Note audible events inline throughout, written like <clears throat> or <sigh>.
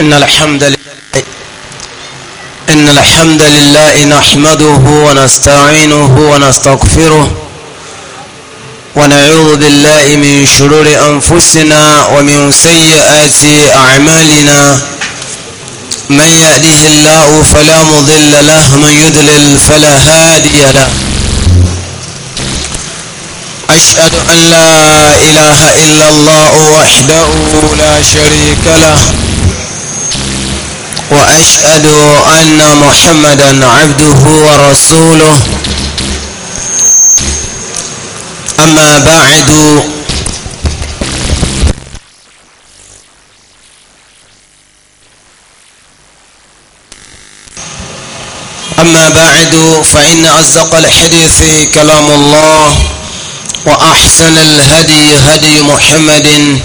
إن الحمد لله إن الحمد لله نحمده ونستعينه ونستغفره ونعوذ بالله من شرور أنفسنا ومن سيئات أعمالنا من يهده الله فلا مضل له من يضلل فلا هادي له أشهد أن لا إله إلا الله وحده لا شريك له وأشهد أن محمدا عبده ورسوله أما بعد أما بعد فإن أصدق الحديث كلام الله وأحسن الهدي هدي محمد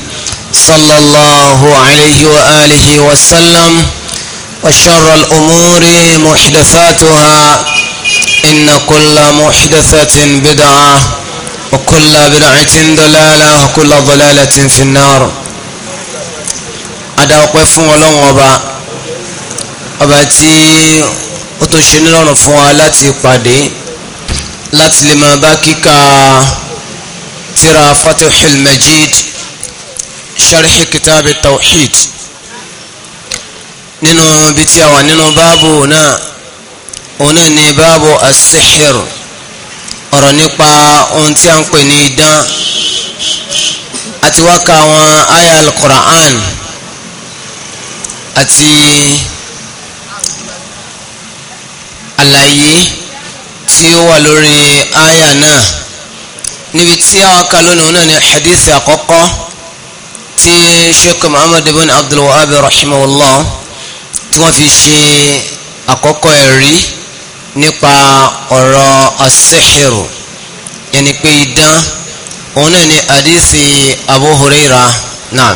صلى الله عليه وآله وسلم وآله وسلم وشر الأمور محدثاتها إن كل محدثة بدعة وكل بدعة ضلالة وكل ضلالة في النار أدا وقف ولون وبا ọba tí ó tún ṣe nílọ́rùn fún wa láti pàdé láti lè máa bá kíkà tíra Fatihul Majid sharhi kitab at-tawhid nínú ibi tí a wà nínú báàbù náà òun náà ni báàbù asihir ọ̀rọ̀ nípa ohun tí a ń pè ní idán àti wá ka àwọn aya al-Qur'an àti àlàyé tí ó wà lórí aya náà níbi tí a wá lónìí òun náà ni hadith àkọ́kọ́ tí sheikh muhammad ibn abdul rahimahullah tí wọ́n fi ṣe àkọ́kọ́ ẹ̀rí nípa ọ̀rọ̀ asẹ́hìrù yẹni pé idán òun náà ni àdísì Abu Huraira náà.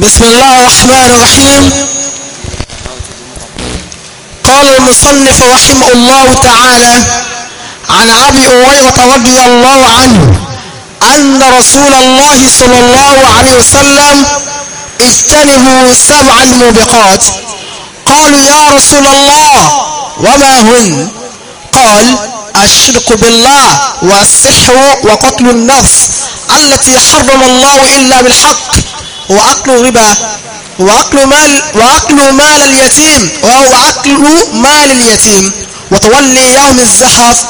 bisimilahi rahman rahim قال المصنف رحمه الله تعالى عن أبي هريرة رضي الله عنه أن رسول الله صلى الله عليه وسلم اجتنبوا سبع الموبقات قالوا يا رسول الله وما هن قال الشرك بالله والسحر وقتل النفس التي حرم الله إلا بالحق وأكل الربا وأكل مال وأكل مال اليتيم وأكل أكل مال اليتيم وتولي يوم الزحف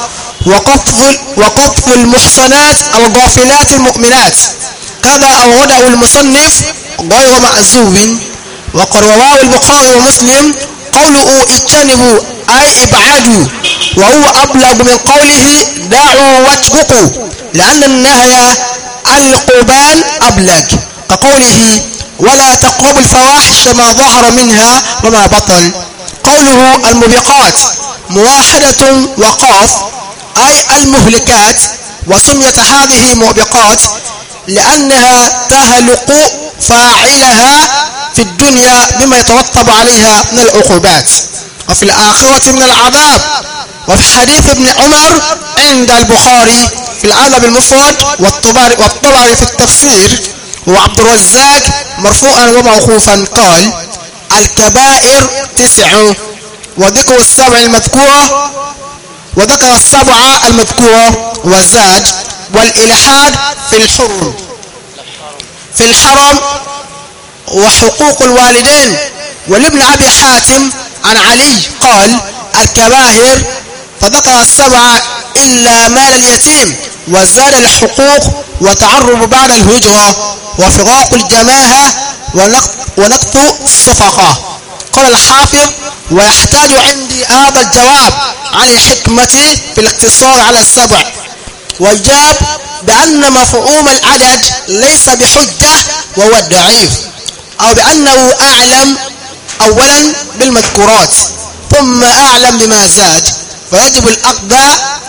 وقطف وقطف المحصنات الغافلات المؤمنات كما أورده المصنف غير معزوب وقد رواه البخاري ومسلم قوله اجتنبوا أي ابعدوا وهو أبلغ من قوله دعوا واتركوا لأن النهي عن القربان أبلغ كقوله ولا تقربوا الفواحش ما ظهر منها وما بطن قوله الموبقات مواحدة وقاف أي المهلكات وسميت هذه موبقات لأنها تهلق فاعلها في الدنيا بما يترتب عليها من العقوبات وفي الآخرة من العذاب وفي حديث ابن عمر عند البخاري في العالم المفرد والطبري والطبري في التفسير وعبد الرزاق مرفوعا وموقوفا قال الكبائر تسع وذكر السبع المذكورة وذكر السبعة المذكورة والزاد والإلحاد في الحرم في الحرم وحقوق الوالدين ولابن أبي حاتم عن علي قال الكباهر فذكر السبعة إلا مال اليتيم وزاد الحقوق وتعرب بعد الهجرة وفراق الجماهة ونقط, ونقط الصفقة قال الحافظ ويحتاج عندي هذا الجواب عن الحكمة في الاقتصار على السبع وجاب بأن مفهوم العدد ليس بحجة وهو الضعيف أو بأنه أعلم أولا بالمذكورات ثم أعلم بما زاد فيجب الأقض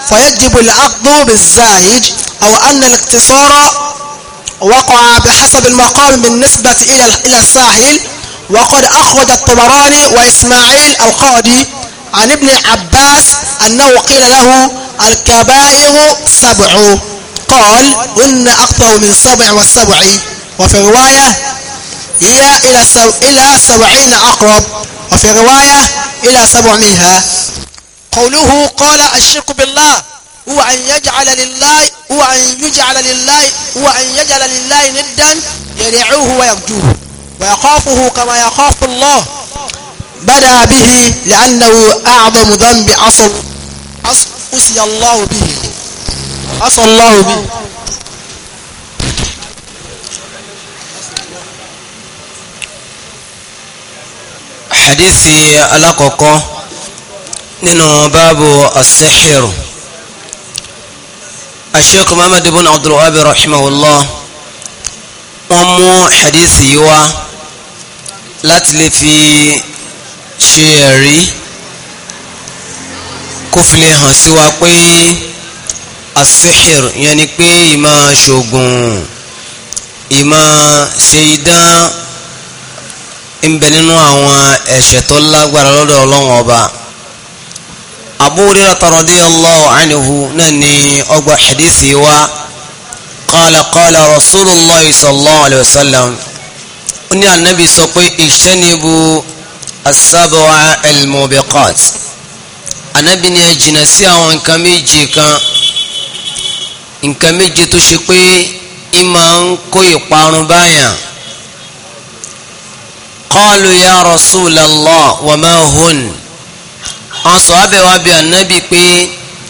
فيجب الأقض بالزائج أو أن الاقتصار وقع بحسب المقام بالنسبة إلى الساحل وقد أخرج الطبراني وإسماعيل القاضي عن ابن عباس أنه قيل له الكبائر سبع قال إن أكثر من سبع والسبع وفي رواية إلى إلى إلى سبعين أقرب وفي رواية إلى سبعمائة قوله قال الشرك بالله هو أن يجعل لله هو أن يجعل لله هو أن يجعل لله ندا يدعوه ويرجوه ويخافه كما يخاف الله بدأ به لأنه أعظم ذنب عصر أسي الله به عصى الله به حديثي alákọ̀ọ́kọ́ nínú báàbù asihiru asheikh muhammad ibn abdulwahab rahimahullah wọ́n mú hadisi yìí wá láti lè fi ṣe ẹ̀rí kó fi lè hàn sí wa pé asihir yẹn ni pé ìmọ̀ ṣoògùn ìmọ̀ ṣe idán ń bẹ nínú àwọn ẹ̀ṣẹ̀ tó lágbára lọ́dọ̀ ọlọ́run ọba Abu Hurairah radiyallahu anhu náà ni ọgbà hadithi wa qala qala Rasulullahi sallallahu alayhi wa sallam ó ní ànábì sọ pé ìṣẹ́nibu asábọ̀wá elmobiqat ànábì ni ẹ jìnà sí àwọn nǹkan méje kan nǹkan méje tó ṣe pé ì máa ń kó ìparun báyàn qalu ya rasulallah wa ma hun àwọn sọ̀hábẹ̀ wa bí ànábì pé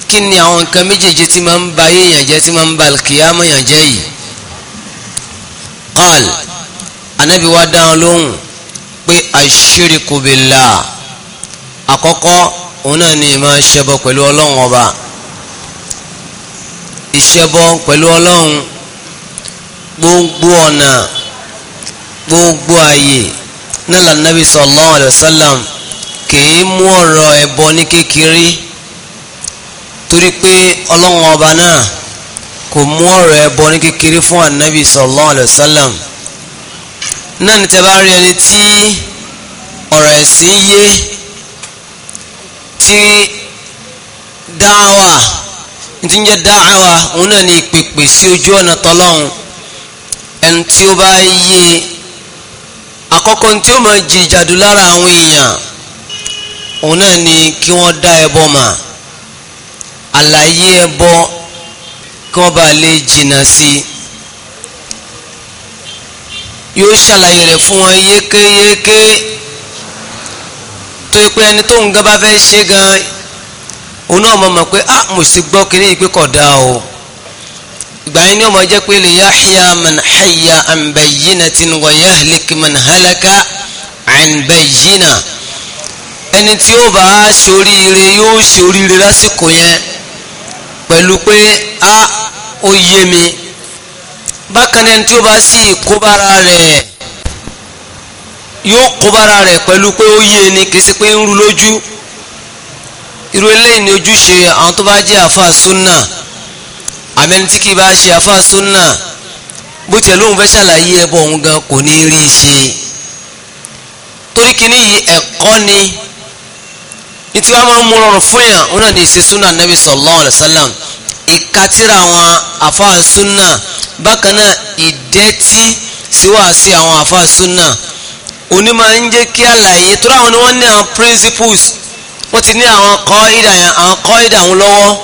kí ni àwọn nǹkan méjèèjì tí máa ń ba yéèyàn tí máa ń ba kìyàmọ̀ yàn jẹ́ yìí qal anabi wa dáhùn lóhùn pé aṣíríkù billah àkọ́kọ́ òun náà ni ìmọ̀ ìṣẹbọ pẹ̀lú ọlọ́run ọba ìṣẹbọ pẹ̀lú ọlọ́run gbogbo ọ̀nà gbogbo ààyè náà lànàbì sallallahu alaihi wasallam kìí mú ọ̀rọ̀ ẹbọ ní kékeré torí pé ọlọ́run ọba náà kò mú ọ̀rọ̀ ẹbọ ní kékeré fún ànàbì sallallahu alaihi náà ní tẹ́ bá rí ẹni tí ọ̀rọ̀ ẹ̀sìn yé tí dáwà tí ń jẹ́ dáwà òun náà ní ìpèpè sí ojú ọ̀nà tọ́lọ́hun ẹni tí ó bá yé àkọ́kọ́ tí ó máa jì ìjàdù lára àwọn èèyàn òun náà ni kí wọ́n dá ẹbọ mà àlàyé ẹbọ kí wọ́n bá lè jìnnà sí i yóò ṣàlàyé rẹ̀ fún wọn yékéyéké tó yẹ pé ẹni tó ń gan fẹ́ ṣe gan òun náà mọ̀ mọ̀ pé ah mo sì gbọ́ kiri yìí pé kò dáa o ìgbà yín ni ọmọ jẹ́ pé lè yahya man hayya an bayyinatin wa yahlik man halaka an bayyina ẹni tí ó bá ṣoríire yóò ṣoríire lásìkò yẹn pẹ̀lú pé ah ó yé mi bákan náà tí ó bá sì kóbára rẹ̀ yóò kóbára rẹ̀ pẹ̀lú pé ó yé ni kì í ṣe pé ń ru lójú irú eléyìí ni ojúṣe àwọn tó bá jẹ́ àfa sunna àmẹ́ni tí kì í bá ṣe àfa sunna bó tiẹ̀ lóun fẹ́ ṣàlàyé ẹbọ òun gan kò ní rí i ṣe torí kìíní yìí ẹ̀kọ́ ni ìtí wàá máa ń mú rọrùn fún yàn òun náà ní ìṣe sunna nabi sallallahu alayhi wa sallam àfa sunna bákan náà ìdẹ́tí sí wàásí àwọn àfa súnà òní máa ń jẹ́ kí àlàyé tó ráwọn ni wọ́n ní àwọn principles wọ́n ti ní àwọn kọ́ ìdà yẹn àwọn kọ́ ìdà wọn lọ́wọ́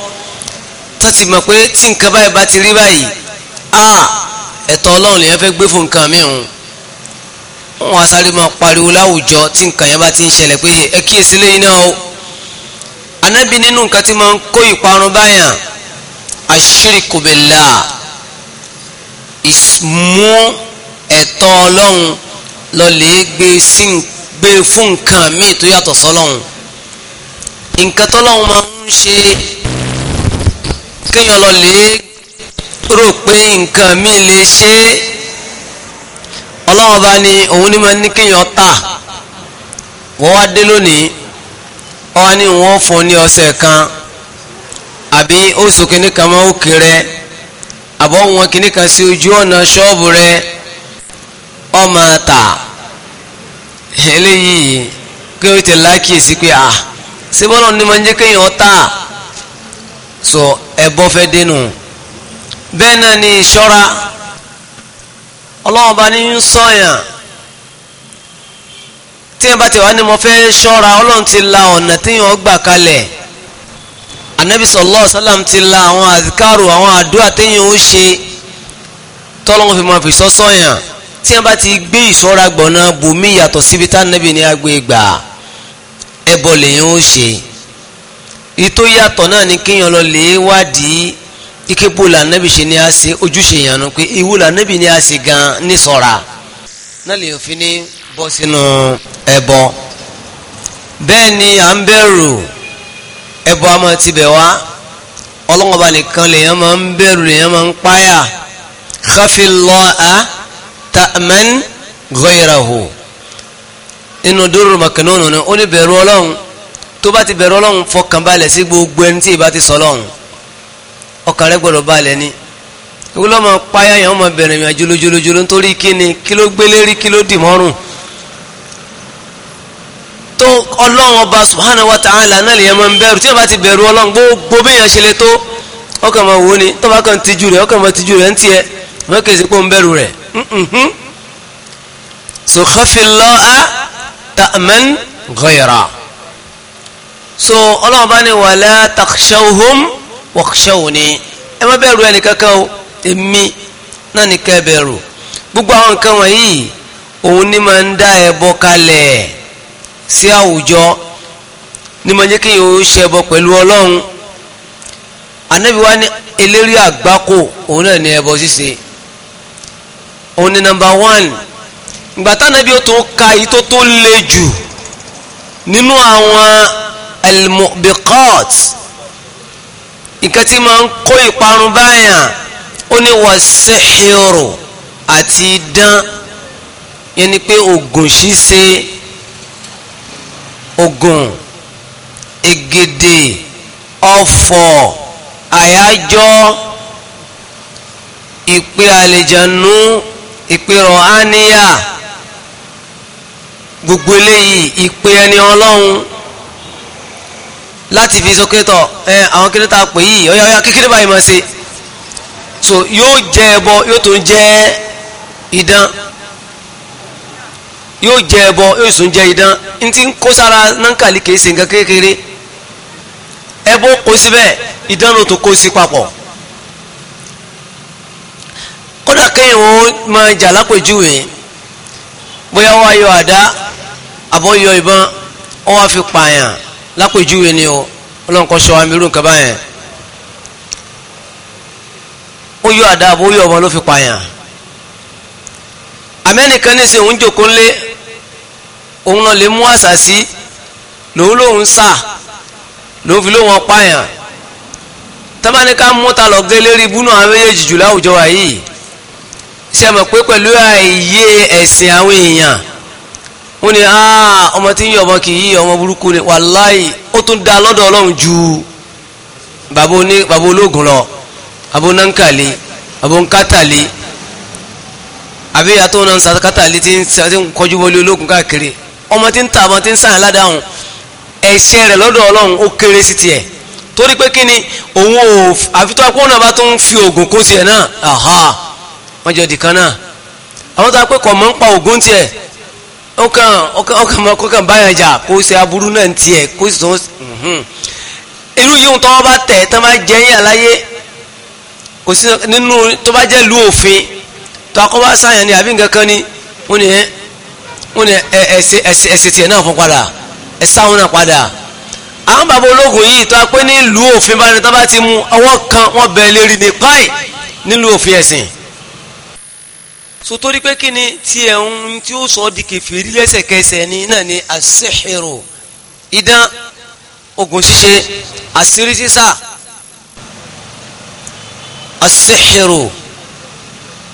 tó ti mọ̀ pé tí nǹkan báyìí bá ti rí báyìí a ẹ̀tọ́ ọlọ́run lèyàn fẹ́ gbé fún nǹkan mìíràn wọn á sáré máa pariwo láwùjọ tí nǹkan yẹn bá ti ń ṣẹlẹ̀ pé ẹ kíyèsí lẹ́yìn náà o anábì nínú nǹkan tí máa ń kó ìparun báyàn àṣírí kò bẹ̀ láà mú ẹ̀tọ́ ọlọ́run lọ lè gbé sí gbé fún nǹkan míì tó yàtọ̀ sọ́lọ́run nǹkan tọ́lọ́run máa ń ṣe kéèyàn lọ lè rò pé nǹkan míì lè ṣe é ọlọ́run bá ní òun ní máa ní kéèyàn tà wọ́n wá dé lónìí wọ́n wá ní wọ́n fún ní ọ̀sẹ̀ kan àbí oṣù kìíní kan máa ó kéré àbọ̀ wọn kìíní kan sí ojú ọ̀nà ṣọ́ọ̀bù rẹ ọmọ ta eléyìí kí o ti lákìyèsí pé à ah, síbọ̀nà ni mo ń jẹ́ kéèyàn ta so ẹ̀bọ fẹ́ dénú bẹ́ẹ̀ náà ni ìṣọ́ra ọlọ́wọ́n bá ní ń sọ̀yàn tí ẹ bá ti wá ní mo fẹ́ ṣọ́ra ọlọ́run ti la ọ̀nà téèyàn gbà kalẹ̀ anabi sallallahu alaihi wasallam ti la àwọn àdìkárò àwọn àdúrà téèyàn ó ṣe tọ́lọ́wọ́n fi máa fi sọ́sọ́ yàn tí wọ́n bá ti gbé ìṣọ́ra gbọ̀nà bùnmí yàtọ̀ síbi tá anabi ní agbè gbà ẹbọ lèyàn ó ṣe ìtò yàtọ̀ náà ni kéèyàn lọ lè wádìí ikébó la anabi ṣe ni a ṣe ojúṣe yàn nù pé ìwú la anabi ni a ṣe gan ní sọ̀ra náà lè fi ní bọ́ sínú ẹbọ bẹ́ẹ̀ ni à ń bẹ̀rù ẹbọ a máa ti bẹ̀ wá ọlọ́wọ́n ba nìkan lèèyàn máa ń bẹ̀rù lèèyàn máa ń páyà khafi Allaha ta'man ghayrahu inú dúró màkànnà ni ó ní bẹ̀rù ọlọ́run tó bá ti bẹ̀rù ọlọ́run fọkànbalẹ̀ sí gbogbo ẹni tí ì bá ti sọ ọlọ́run ọkàn rẹ gbọdọ̀ balẹ̀ ni ìwúlọ́mọ páyà yẹn wọ́n máa bẹ̀rẹ̀ ìrìn àjò lójoojúmọ́ nítorí kí kí ló gbélé rí kí ló dì mọ́rùn-ún ọlọ́run ọba subhanahu wa ta'ala náà lè yẹn máa ń bẹ̀rù tí yẹn bá ti bẹ̀rù ọlọ́run gbogbo bí yẹn ṣe lè tó ọkàn máa wò ó ni tó bá kàn tijú rẹ̀ ọkàn máa tijú rẹ̀ ń tiẹ̀ wọ́n kì í ṣe pé ń bẹ̀rù rẹ̀ so khafillaha ta'man ghayra so ọlọ́run bá ní wala takhshawhum wakhshawni ẹ má bẹ̀rù ẹnì kankan o èmi náà ní kẹ́ bẹ̀rù gbogbo àwọn nǹkan wọ̀nyí òun ni máa ń dá ẹbọ kalẹ̀ sí àwùjọ ní ma jẹ́ kí yìí ṣẹbọ pẹ̀lú ọlọ́run anabi wa ni eléri àgbákò òun náà ní ẹbọ ṣíṣe òun ni nọ́mbà one gbàtà anabi ó tún ka yìí tó tún le jù nínú àwọn elmobikot nǹkan tí máa ń kó ìparun báyà ó ní wàsíhìrò àti dán yẹn ni pé oògùn ṣíṣe ogun egede ọ̀fọ̀ àyájọ́ ìpè àlejànú ìpèrò àníyà gbogbo eléyìí ìpè ẹni ọlọ́run láti fi sókè tọ̀ ẹ àwọn kí ló ta pè yìí ọ̀yà ọ̀yà kékeré báyìí máa ṣe so yóò jẹ ẹbọ yóò tún jẹ idán yóò jẹ ẹbọ yóò sùn jẹ idán n ti kó sára nankali kìí ṣe nǹkan kékeré ẹbọ kó síbẹ̀ idán ló tó kó sí papọ̀ kódà kéèyàn ó máa jà lápèjúwe bóyá wọ́n ayọ̀ àdá àbọ̀yọ̀ ìbọn wọ́n wá fi pààyàn lápèjúwe ni o ọlọ́run sọ àmì nǹkan báyẹn ó yọ àdá àbó yọ ọmọ ló fi pààyàn àmẹ́nìkan ní sè ń jòkó ńlé òun náà lè mú àṣà sí lòun lòun sà lòun fi lòun ọpáyàn tábánikà mọ́ta lọ gé lérí ibú náà àwọn méjèèjì jù láwùjọ wa yìí ṣe mọ̀ pé pẹ̀lú àìyé ẹ̀sìn àwọn èèyàn wọ́n ní ọmọ tí ń yí ọmọ kì í yí ọmọ burúkú ni wàláì ó tún dá lọ́dọ̀ ọlọ́run ju bàbá oní bàbá ológun lọ bàbá onáńkàlẹ̀ bàbá onkátàlẹ̀ àbí àtọ́ onáńsàkátàlẹ̀ tí ń kọjú wọlé ológun káàkiri ọmọ tí ń ta àbọ̀ tí ń sàn ládàáhùn ẹ̀ṣẹ̀ rẹ̀ lọ́dọ̀ ọlọ́run ó kéré sí tiẹ̀ torí pé kíni òun ò àfitọ́ akó náà bá tún ń fi oògùn kó tiẹ̀ náà aha wọ́n jọ dìkan náà àwọn tó akẹ́kọ̀ọ́ mọ̀ ń pa oògùn tiẹ̀ ọkàn ọkàn ọkàn ọkàn báyàn jà kó ṣe aburú náà tiẹ̀ kó sì tún mhm. irú yìí tó bá tẹ̀ tó bá jẹ́ yín àláyé kò sí nínú tó bá jẹ́ lu òfin tó akọ́ bá sáyàn ni àbí nǹkan kan ni wọ́n ní wọ́n ní ẹsẹ ẹsẹ ẹsẹ tiẹ̀ náà fún padà ẹsẹ àwọn náà padà àwọn bàbá ológun yìí tó a pé nílùú òfin bá ní tó bá ti mú ọwọ́ kan wọ́n bẹ̀ lérí ní páì nílùú òfin ẹ̀sìn so torí pé kí ni tiẹ̀ ń tí ó sọ di kèfèrí lẹ́sẹ̀kẹsẹ̀ ni náà ni àṣehìrò idán ogun ṣíṣe àṣírí sísá àṣehìrò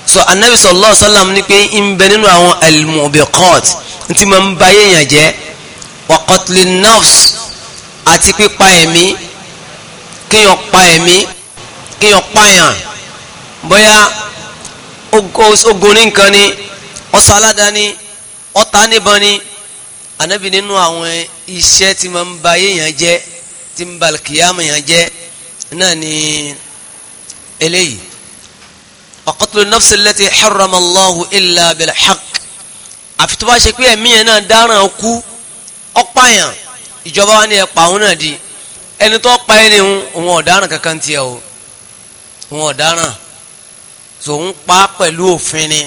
so anabi sallallahu sallam wasallam ní pé ń bẹ nínú àwọn almubiqat tí ma ń ba yéèyàn jẹ́ wa qatli nafs àti pípa ẹ̀mí kíyàn pa ẹ̀mí kíyàn pààyàn bóyá ogun ní nǹkan ni ọ̀sáládá ni ọ̀tá níbọn ni anabi nínú àwọn iṣẹ́ tí ma ń ba yéèyàn jẹ́ tí ń ba kìyàmù yàn jẹ́ náà ni ọ̀kọ́tùlù nọ́fṣì lẹ́tì haramallahu illa bilhaq àfi tó bá ṣe pé ẹ̀mí yẹn náà dáràn kú ọ̀páyàn ìjọba wa ní ẹ̀pà òun náà di ẹni tó pa ẹni òun ọ̀daràn kankan tiẹ̀ o òun ọ̀daràn tó ń pa pẹ̀lú òfin ni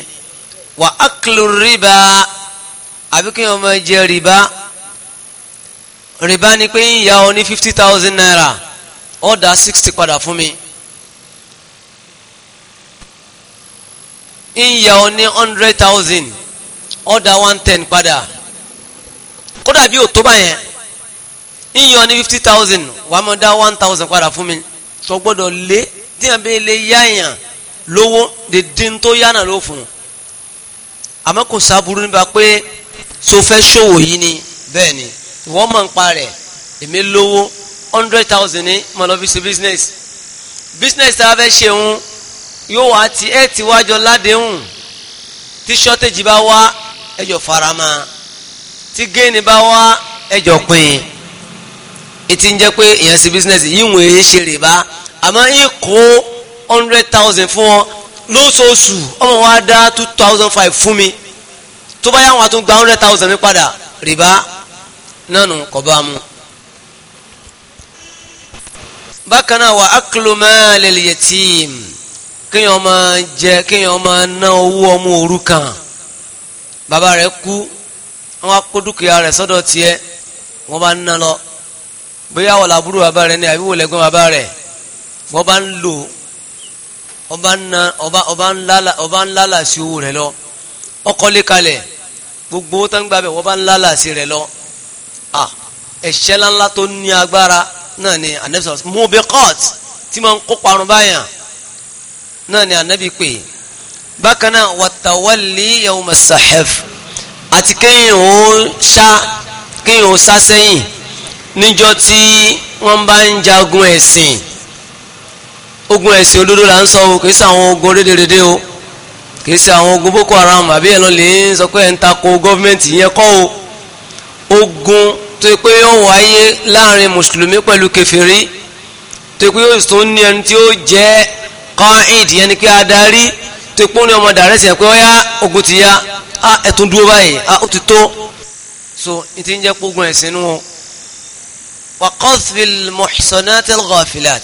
wà aklu riba àbí kí wọ́n jẹ riba riba ni pé ń ya ọ ní fifty thousand naira ọ̀dà sixty padà fún mi ń yà ọ ní hundred thousand order one ten padà kódà bí òtó bá yẹn ń ọ ní fifty thousand wà á mọ̀ dá one thousand padà fún mi sọ gbọ́dọ̀ lé díẹ̀ bẹ́ẹ̀ lé yáyàn lówó dèdè tó yánà ló fún un àmọ́ kò sábúrú nípa pé so fẹ́ ṣòwò yìí ni bẹ́ẹ̀ ni ìwọ́n mọ̀ ń pa rẹ̀ èmi lówó hundred thousand ní mọ̀lọ́fíìsì business business tá a fẹ́ ṣe ń yóò wá ti ẹ ti wájọ ládéhùn tí ṣọ́tẹ̀jì bá wá ẹjọ́ farama tí géènì bá wá ẹjọ́ pín ìtì ń jẹ́ pé èèyàn sí bísínẹ́sì yìí wọ́n èyí ṣe rìbá àmọ́ yìí kó hundred thousand fún ọ lóṣooṣù ọmọ wa dá two thousand five fún mi tó bá yà àtún gba hundred thousand mi padà rìbá náà nù kọ́ bá mu bákan náà wà á kìlọ̀ mẹ́ẹ̀lì kíyàn máa jẹ kíyàn máa ná owó ọmọ òrukàn bàbá rẹ̀ kú wọ́n á kó dúkìá rẹ̀ sọ́dọ̀ tiẹ̀ wọ́n bá ná lọ bóyá wọ́n làbúrò bàbá rẹ̀ ni àbí wọ́n lẹ́gbọ́n bàbá rẹ̀ wọ́n bá ń lò ọba ń lálà sí owó rẹ̀ lọ ọkọ̀ lé kalẹ̀ gbogbo tó ń gbàbẹ̀ wọ́n bá ń sí rẹ̀ lọ ẹ̀ṣẹ̀ ńláńlá tó ní agbára náà ni anẹ́sọ̀s mobicot tí máa ń kó parun báyàn náà ni ànábì pè bákan náà wàtàwálì yawma sahaf àti kéèyàn ó sá kéèyàn ó sá sẹ́yìn níjọ́ tí wọ́n bá ń jagun ẹ̀sìn ogun ẹ̀sìn olódó là ń sọ o kìí ṣe àwọn ogun rédèrèdè o kìí ṣe àwọn ogun boko haram àbí ẹ̀ lọ lè ń sọ pé ẹ̀ ń tako gọ́ọ̀mẹ̀ntì yẹn kọ́ o ogun tó yẹ pé yóò wáyé láàrin mùsùlùmí pẹ̀lú kẹfìrí tó yẹ pé yóò tún ní ẹni tí ó jẹ́ qaid yẹn ni pé adarí tó pọ́n ní ọmọ dàrẹ́sì yẹn pé ó ogun ti yá a ẹ̀tún dúró báyìí a ó ti tó so n ti ń jẹ́ kógun ẹ̀sìn nù wọn. wa qadhfil muhsanatil ghafilat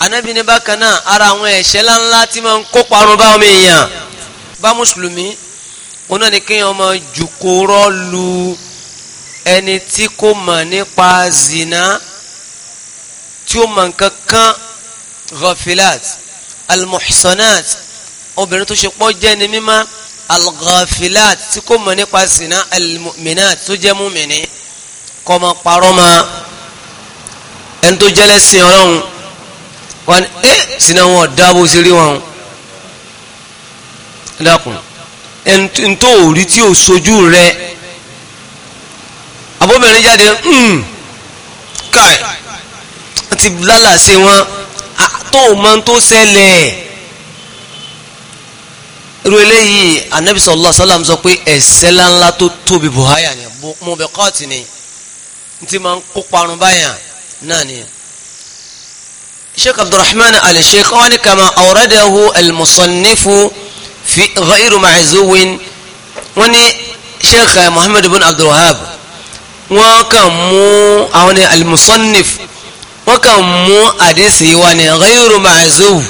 anabi ní bákan náà ara àwọn ẹ̀ṣẹ̀ ńláńlá tí máa ń kó parun bá ọmọ èèyàn bá mùsùlùmí wọn náà ni kéèyàn ọmọ jùkúrọ́ lu ẹni tí kò mọ̀ nípa zina tí ó mọ̀ nǹkan kan ghafilat almuhsanat obìnrin tó ṣe pọ́ jẹ́ ni mímá alghafilat tí kò mọ̀ nípa sìnà almuminat tó jẹ́ múmìnì kọ́ mọ parọ́ ma ẹni tó jẹ́lẹ̀ sìn ọlọ́run eh, wọn ni ẹ sìnà wọn dáàbò sí rí wọn dákun ẹni tó tí ò sojú rẹ abóbìnrin jáde hmm, káì ti lálàsí wọn. Ah, tó o mọ tó ṣẹlẹ̀ irú eléyìí anabi sallallahu alaihi wasallam sọ pé ẹ̀ṣẹ̀ ńláńlá tó tóbi buhaya ni mo bẹ kọ́ọ̀tì ni ti máa ń kó parun báyà náà ni. sheikh abdulrahman al-sheikh wọn kama awradahu al fi ghayru ma'zuwin wọn ni sheikh muhammad ibn abdulwahab wọn kàn mú àwọn ni wọ́n kàn mú àdísì wa ní ghayru ma'zuh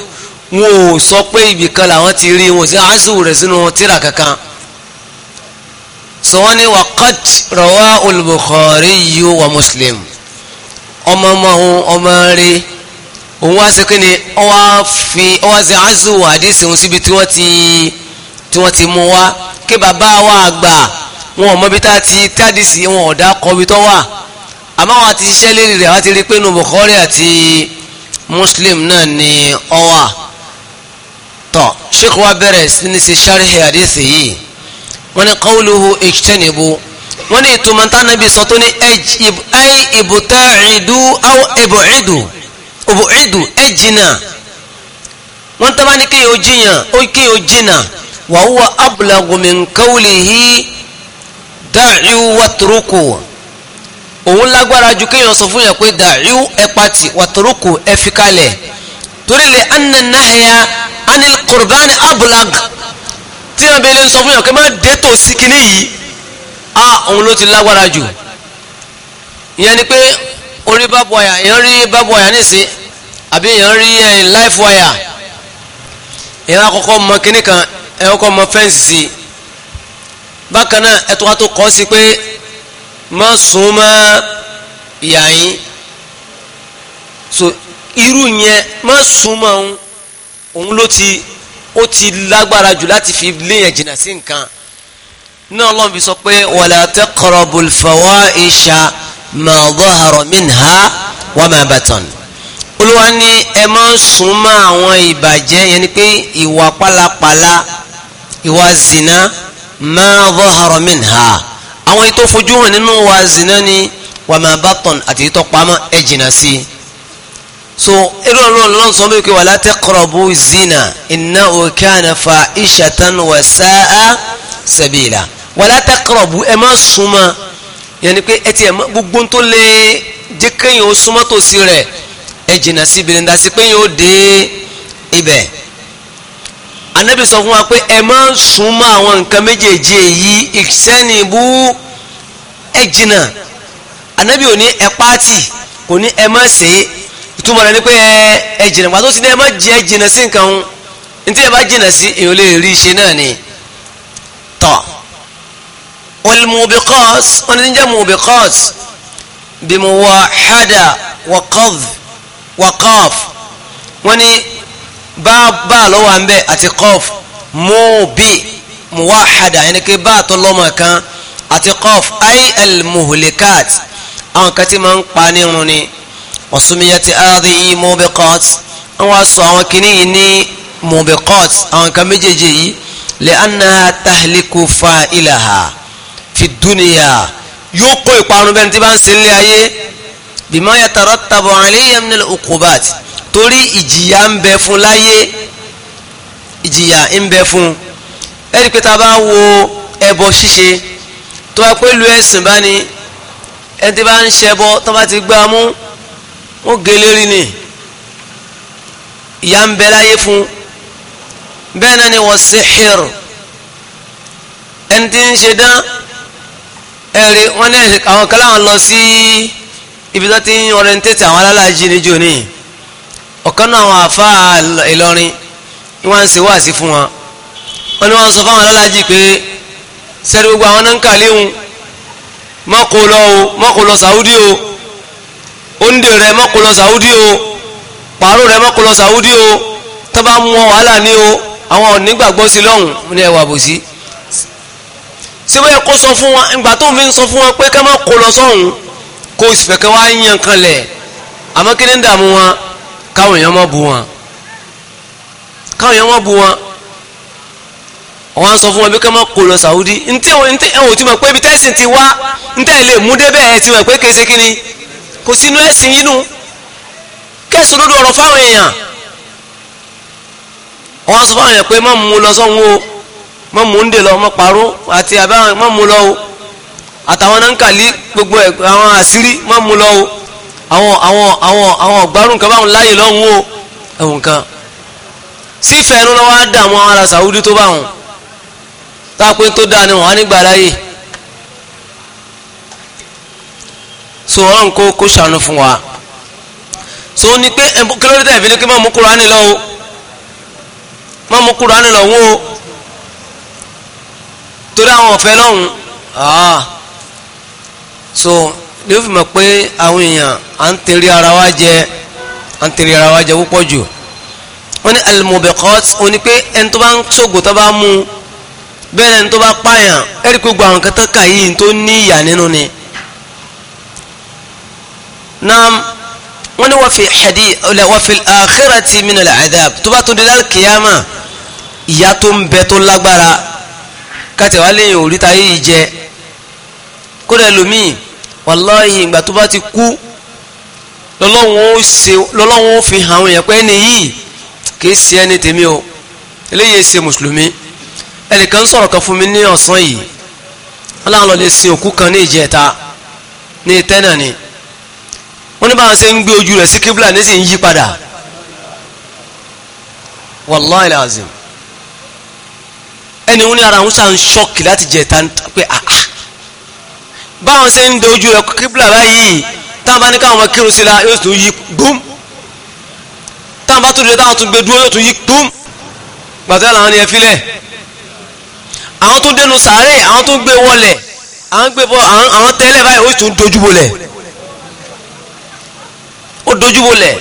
wọn ò sọ pé ibì kan làwọn ti rí wọn sí àzúwù rẹ̀ sínú tíra kankan sọ wọ́n ní waqad rawahu al-Bukhari wa Muslim ọmọ ọmọ òun ọmọ rẹ̀ òun wá sí kí ni ọwá fi ọwá sí àzúwù àdísì òun síbi tí wọ́n ti tí wọ́n ti mú wá kí bàbá wa àgbà wọn ò mọbi tá a ti tádìsì wọn ò dá kọ́ bi tó wà àmọ́ àwọn àti iṣẹ́ lérí rẹ̀ wá ti rí pé nu Bukhari àti Muslim náà ni ó wà tọ́ sheikh wa bẹ̀rẹ̀ sí ní ṣe sharhi hadith yìí wọ́n ní qawluhu ijtanibu wọ́n ní ìtumọ̀ tá nàbí sọ tó ní ẹ̀ ìbùtá ìdú aw ìbùídù ìbùídù ẹ̀ jìnnà wọ́n tọ́ ní kéèyàn ó ó kéèyàn ó jìnnà wa huwa ablagu min qawlihi òun lágbára ju kéèyàn sọ fún yàn pé dàíw ẹpàtì wàtúrúkù ẹfikalẹ̀ torí lè anna nahya anil qurbani ablag tí wọn bẹ sọ fún yàn má dẹ́tò síkìní yìí a òun ló ti lágbára jù ìyẹn ni pé orí bábu wáyà èèyàn rí bábu wáyà àbí èèyàn rí life wáyà èèyàn àkọ́kọ́ mọ kíní kan ẹ̀ kọ́kọ́ mọ fẹ́ǹsì sí bákan náà ẹ̀ má sún mọ́ ìyá yín so irú yẹn má sún mọ́ òun òun ló ti ó ti lágbára jù láti fi léèyàn jìnnà sí nǹkan náà lọ́n fi sọ pé wala taqrabul fawaisha ma dhahara minha wa ma batan olúwa ní ẹ máa ń sún mọ́ àwọn ìbàjẹ́ yẹn ni pé ìwà pálapàla ìwà zina ma dhahara minha àwọn ètò fojú hàn nínú wa zina ni wà máa bá tọ̀n àti ètò pamọ́ ẹ̀ jìnnà sí i so irú ọlọ́run lọ́n sọ lóye pé wala taqrabu zina innahu kana fa'ishatan wa sa'a sabila wala taqrabu ẹ má súnmọ́ yẹni pé ẹ tiẹ̀ gbogbo tó lè jẹ́ kéèyàn ó súnmọ́ tòsí rẹ̀ ẹ jìnnà sí ibi ní pé yóò dé ibẹ̀ anabi sọ fún wa pé ẹ máa ń sún mọ́ àwọn nǹkan méjèèjì èyí ìṣẹ́nìbú ẹ jìnnà anabi ò ní ẹ pàtì kò ní ẹ má ṣe é ìtumọ̀ rẹ̀ ni pé ẹ jìnnà pàtó sí ní ẹ má jẹ ẹ jìnnà sí nǹkan ń ntí ẹ bá jìnnà sí èyàn lè rí ṣe náà ni tọ́ wal-mubiqat wọn ní jẹ́ mubiqat bimuwahada waqaf waqaf wọn ni bá lọ́wọ́ à ń bẹ́ àti kọ́f mọ́ọ̀bì muwahada yẹn ni pé bá àtọ́ lọ́mọ kan àti kọ́f ay al-muhlikat àwọn kan tí máa ń pa nírun ni wasumiyati hadhihi mubiqat wọ́n sọ àwọn kìíní yìí ní mubiqat àwọn kan méjèèjì yìí li'annaha tahliku fa'ilaha fi dunya yóò kó ìparun bẹ́ẹ̀ ní bá ń sin ilé ayé bima yatarattabu alayhi min al-uqubat torí ìjìyà ń bẹ fún láyé ìjìyà ń bẹ fún ẹni pé ta bá wo ẹbọ ṣíṣe tó bá pẹ̀lú ẹ̀sìn bá ní ẹni tí bá ń ṣẹbọ tó bá ti gbá mú wọn gé e lérí ni ìyà ń bẹ láyé fún bẹ́ẹ̀ náà ni wọ́n sí hìr ẹni tí ń ṣe dán ẹ̀rí wọ́n ní àwọn kan láwọn lọ sí ibi tó ti ń orientate àwọn alálàájì níjó nìyí ọ̀kan náà àwọn àfa Ìlọrin ni wọ́n ń ṣe wáàsí fún wọn wọ́n ní wọ́n sọ fáwọn ọlọ́lájì pé sẹ́ni gbogbo àwọn náà ń kàlẹ́ mọ́kò lọ o mọ́kò lọ Saudi o oúnjẹ rẹ mọ́kò lọ Saudi o pààrọ̀ rẹ mọ́kò lọ Saudi o tó bá mú wàhálà ní o àwọn onígbàgbọ́ sí lọ́hùn ní ẹwà bòsí ṣé bẹ́ẹ̀ kó sọ fún wọn ìgbà tó fi ń sọ fún wọn pé kẹ́ mọ́kò lọ sọ́hùn kó sì fẹ́ kẹ́ wá yàn kan lẹ̀ àmọ́ kí ni ń dààmú wọn. káwọn èèyàn mọ́ bu wọn káwọn èèyàn mọ́ bu wọn wọ́n sọ fún wọn bí kẹ́mọ́ kò lọ Saudi ntẹ́ ẹ̀wọ̀n tí mọ̀ pé ibi tẹ́sìn ti wá ntẹ́ lè mú débẹ̀ ẹ̀ ti mọ̀ pé kèsè kí kò sínú ẹ̀sìn yínú kẹ́sùn lódò ọ̀rọ̀ fáwọn èèyàn sọ fáwọn èèyàn pé àwọn àwọn àwọn àwọn ọ̀gbárùn kan báwọn láyè lọ́hùn ó ẹ̀wọ̀n kan sífẹ̀ẹ́ ẹnu lọ́wọ́ á dààmú àwọn ará sàwúdí tó báwọn tápé tó dáa ni wọ́n á nígbà láyè so ọlọ́run kó kó ṣàánú fún wa so ní pé kílódé ẹ̀fín ni kí máa mú kúránì lọ́wọ́ máa mú kúránì lọ́wọ́ o torí àwọn ọ̀fẹ́ lọ́hùn ah. so ni ó fi mọ̀ pé àwọn èèyàn à ń tẹ̀rí ara wa jẹ à ń tẹ̀rí ara wa jẹ púpọ̀ jù wọ́n ní alimobekot wọ́n ní pé ẹni tó bá ń ṣògo tó bá mú bẹ́ẹ̀ ni tó bá pààyàn ẹ̀rí pé gbogbo àwọn kan tó kà yìí tó ní ìyà nínú ni. naam wọ́n ní wọ́n xadì ọ̀lẹ́ wọ́n fi mi nàlẹ́ àdáb tó bá tún di lálẹ́ kìyàmà ìyà tó ń bẹ tó lágbára kátẹ́wálé yìí ò yìí jẹ kó dẹ̀ lómìn wàláyìn ìgbà tó bá ti kú lọ́lọ́wọ́n ó fi hàn àwọn èèyàn pé ẹni yìí kìí ṣe ẹni tèmi o eléyìí ṣe mùsùlùmí ẹnìkan sọ̀rọ̀ kan fún mi ní ọ̀sán yìí wọ́n láwọn lọ lè sin òkú kan ní ìjẹta ní tẹ́nà ni wọ́n ní ṣe ń gbé ojú rẹ̀ sí kíbla ní sì ń yí padà wàláyìn azim ẹni wọn ní ara wọn ṣàn ṣọ́ọ̀kì láti jẹta pé àá ah, ah, báwọn ṣe ń dojú rẹ̀ kíbla báyìí táwọn bá ní káwọn máa kírun sí la yóò tún yí gbúm táwọn bá tún lè táwọn tún gbé dúró yóò tún yí gbúm gbàtẹ́ làwọn ni ẹ filẹ̀ àwọn tún dénú sàárè àwọn tún gbé wọlẹ̀ àwọn gbé bọ́ àwọn tẹ́lẹ̀ báyìí ó tún dojú bolẹ̀ ó dojú bolẹ̀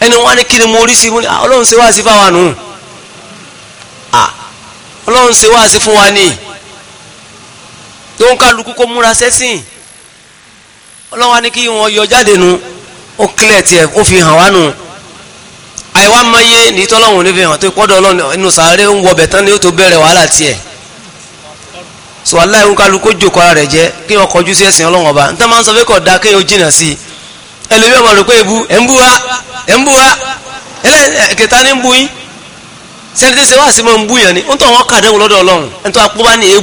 ẹni wọn á ní kí ni mo rí sí ah, ọlọ́run ṣe wá sí fáwa nù ah, ọlọ́run ṣe wá sí fún wa nìyí tó ń kálukú kó múra sẹ́sìn ọlọ́wọ́ ní kí wọ́n yọ jáde nu ó kílẹ̀ tiẹ̀ ó fi hàn wá nu àìwá mọ́yé ní tọ́lọ́hún ní fi hàn tó pọ́dọ̀ ọlọ́run inú sàárẹ̀ ń wọbẹ̀ tán ni ó tó bẹ̀rẹ̀ wàhálà tiẹ̀ sọ aláì ń kálukú jòkó ara rẹ̀ jẹ́ kí wọ́n kọjú sí ẹ̀sìn ọlọ́run ọba nítorí máa ń sọ pé kò dáa kéèyàn jìnnà sí i ọmọ rẹ pé ebu ẹ̀ ń bú wa ẹ̀ ń bú wa ẹlẹ́kẹta ní ń bú yín sẹ́ni tẹ́sẹ̀ wá sí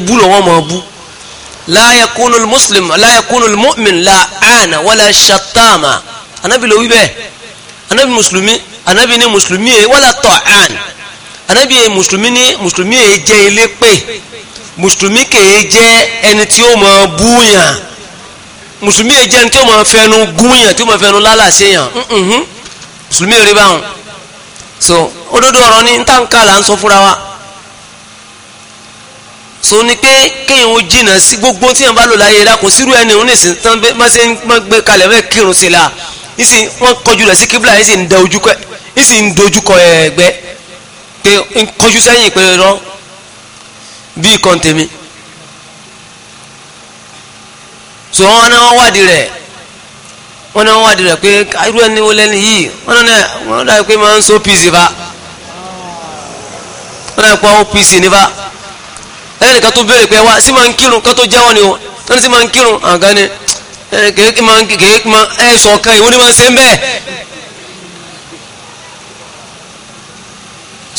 ebu lọ́wọ́ mọ́ la yakunu muslim la yakunu mu'min la ana wala shatama anabi ló wí bẹ́ẹ̀ anabi musulumi anabi ni musulumi ye wala ta'an anabi ye musulumi ni musulumi ye jẹ́ ilé pé musulumi kèé jẹ́ ẹni tí ó máa búyàn musulumi ye jẹ́ ẹni tí ó máa fẹnu gúnyàn tí ó máa fẹnu lálàsẹ yàn musulumi yẹn rí báwọn so òdodo ọ̀rọ̀ ni ntànkà là ń sọ wa so ni pé kéèyàn ó jìnnà sí gbogbo tí yẹn bá lò láyé la kò sírú ẹni òun nìsín tán bá ṣe ń gbé kalẹ̀ bẹ́ẹ̀ kírun sí la ìsìn wọ́n kọjú rẹ̀ sí kíbla ìsìn ń da ojúkọ ìsìn ń dojúkọ ẹ̀gbẹ́ pé ń kọjú sẹ́yìn pé rán bíi kan tèmi so wọn náà wọn wádìí rẹ̀ wọn náà wọn wádìí rẹ̀ pé irú ẹni wo lẹ́ni yìí wọn náà wọn náà pé máa ń so pc fa wọn náà pé pc ní fa ẹnìkan tó béèrè pé wá sí máa ń kírun kan tó jẹ́wọ́ ni o tó ní sí máa ń kírun àga ni kéèké máa máa ẹ̀ sọ̀kan ìwọ ni máa ń ṣe ń bẹ́ẹ̀.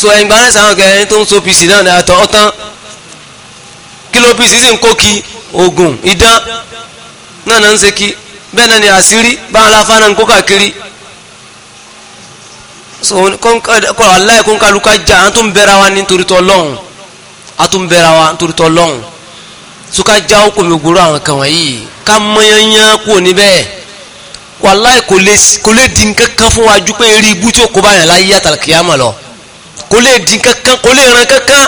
so ẹ̀yìn gbà rẹ̀ sàwọn kẹrin tó ń so pc náà ní àtọ̀ ọ̀tán kìló pc sì ń kó ki oògùn idán náà náà ń ṣe kí bẹ́ẹ̀ náà ni àṣírí báwọn aláfa náà ń kó káàkiri so kọ́ aláìkó ń kálukú ajá àwọn tó ń bẹ́ra wa nítorí tọ́ lọ́hùn atúnbẹ̀ra wa nítorí tọ́lọ́hún tó ká já okùn mi gbòòrò àwọn kan wọ̀nyí ká mọ́yányán kúrò níbẹ̀ wàláì kò lè di nkankan fún wa ju pé eré ibú tí ó kó báyìí láyé yàtàlá kìyàmà lọ kò lè di nkankan kò lè ran kankan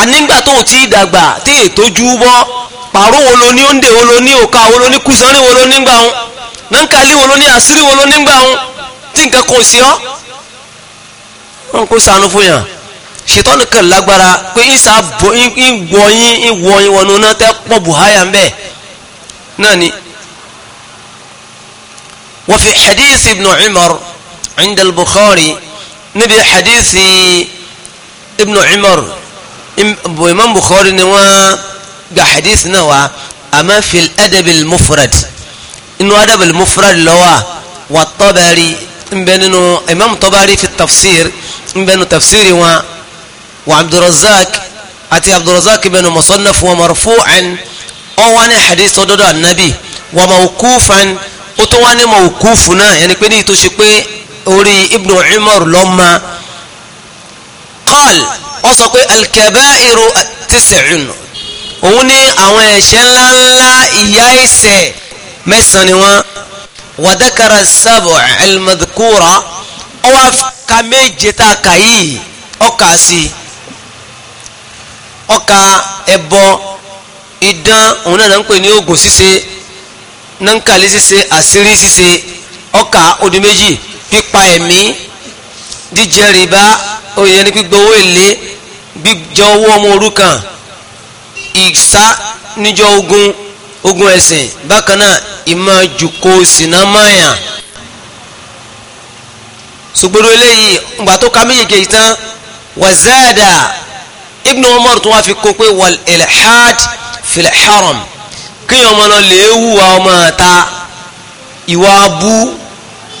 ànígbà tó ti dàgbà tí ètò jú bọ́ pàrọ̀ wo lo ní oúnjẹ wo lo ní òka wo lo ní kùsànrín wo lo nígbà wọn nankali wo lo ní àṣírí wo lo nígbà wọn tí nǹkan kò sí ọ́ wọn kò sànú fún yàn ṣètọ́nù kan lágbára pé ìsà bọ̀ ìwọ̀nyí ìwọ̀nyí wọnú náà tẹ́ pọ̀ buhaya ń bẹ̀ náà ni wọ́n fi hadith ibn Umar inda al-Bukhari níbi hadith ibn Umar imam Bukhari ni wọ́n gba hadith náà wá àmọ́ fi adab al-mufrad inú adab mufrad lọ́wọ́ wa Tabari imam Tabari fi tafsir ń tafsiri wọn. وعبد الرزاق أتي عبد الرزاق بن مصنف ومرفوعا أوان حديث ودود النبي وموقوفا أتوان موقوفنا يعني كني تشكي أوري ابن عمر لما قال أصدق الكبائر تسع òun ní àwọn ẹ̀ṣẹ̀ ńláńlá ìyá ẹ̀ṣẹ̀ mẹ́sàn ni wọ́n wàdákàrà sábọ̀ ẹlmọ̀dúkúrà Ọka ẹbọ idán òun náà ń pè ní oògùn ṣíṣe nankali ṣíṣe àṣírí ṣíṣe ọka odi méjì pípa ẹ̀mí jíjẹ rìbá òyìnbó ní gbígbọ́ owó èlé gbíjọ owó ọmọ òrukàn ìsá níjọ ogun ogun ẹ̀sìn bákan náà ìmọ̀ jùkọ sinamáyà ṣùgbọ́n eléyìí ngbà tó ka méjèèjì tán ibn umar tó wá fi kún pé wal ilhad fil haram kíyàn ọmọ náà lè wúwa ọmọ ta ìwà abú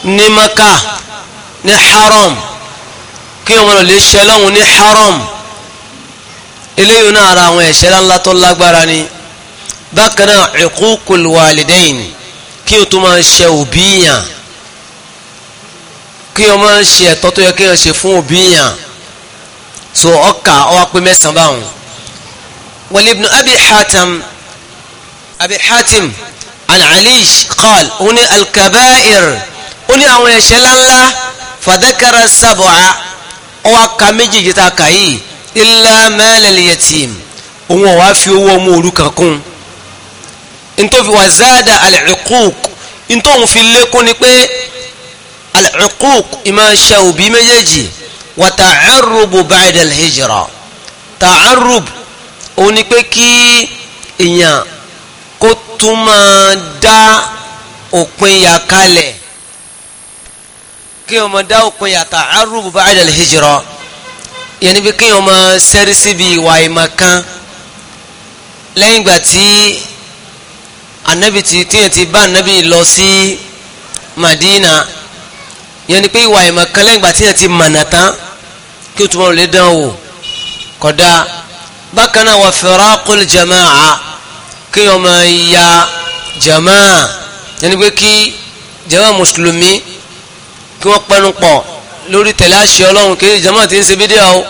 ní maka ní haram kíyàn ọmọ náà lè ṣe lọ́hùn ní haram eléyìí náà ara àwọn ẹ̀ṣẹ̀ ńlá tó lágbára ni bákan náà uququl walidayn kí o tó máa ṣe òbí yàn kí o máa ṣe ẹ̀tọ́ tó yẹ kí o ṣe fún òbí yàn so ọkà ọwọ́ pé mẹ́sàn-án báwọn wal ibn abi hatim abi hatim an ali qal ó ní alkabair ó ní àwọn ẹ̀ṣẹ̀ ńláńlá fadakara sábọ̀á ọwọ́ ká méjèèjì tá a kà yìí illa malal yatim òun ọ̀wá fi owó ọmọ òrukàn kún ntòfi wà záàdà al-uquq fi lékún ni pé al ìmọ̀ ṣe méjèèjì wa ta'arrubu ba'da al-hijra ta'arrub òun ni pé kí èèyàn kó tún máa dá òpin yà kalẹ̀ kí wọ́n máa dá òpin yà ta'arrubu ba'da al-hijra ìyẹn ni pé kí wọ́n máa sẹ́rí síbi ìwà lẹ́yìn ìgbà tí anabi ti tíyẹn ti bá anabi lọ sí Madina ìyẹn ni pé ìwà ìmọ̀ lẹ́yìn ìgbà tíyẹn ti mọ̀nà tán kí o túnbọ̀ lè dán wò kódà bákan náà wà firaqul jamaa kí o máa ya jamaa yẹnni pé kí jamaa mùsùlùmí kí wọ́n pẹ́nu pọ̀ lórí tẹ̀lé àṣẹ ọlọ́run kí jamaa ti ń ṣe bídíà o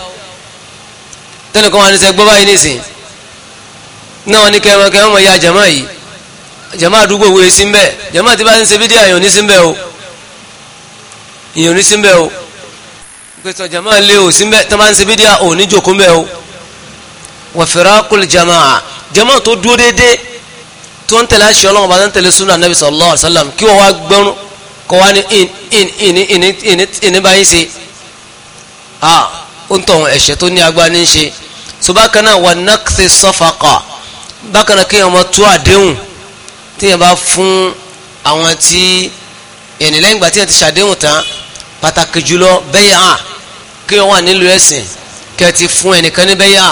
tẹnikan wà ní sẹgbọ́ báyìí nìsín náà wọ́n ní kẹwọn kẹwọn mọ̀ ya jamaa yìí jamaa àdúgbò wo èsì ń bẹ̀ jamaa ti bá ń ṣe bídíà yìí ò ní sí ń bẹ̀ o ìyẹn ò ní sí ń bẹ̀ o pé tọ́ jama lé o síbẹ̀ tó máa ń ṣe bídíà ò ní jòkó mbẹ́ o wa firaqul jama jama tó dúró déédéé tó ń tẹ̀lé aṣọ ọlọ́run tó ń tẹ̀lé sunna anabi sallallahu alayhi wa sallam kí wọ́n wá gbẹ́rún kọ́ wá ní in báyìí ṣe a ó ń tọ̀hún ẹ̀ṣẹ̀ tó ní agbá ní ṣe so bákan náà wà nàkìtì sọfàkà bákan náà kéèyàn máa tú àdéhùn téèyàn bá fún àwọn tí ẹni lẹ́yìn ìgbà téèyàn ti ṣàdéhùn tán pàtàkì jùlọ bẹ́yà hàn kí wọ́n wà nílùú ẹ̀sìn kẹ́ ti fún ẹnìkan níbẹ̀ yá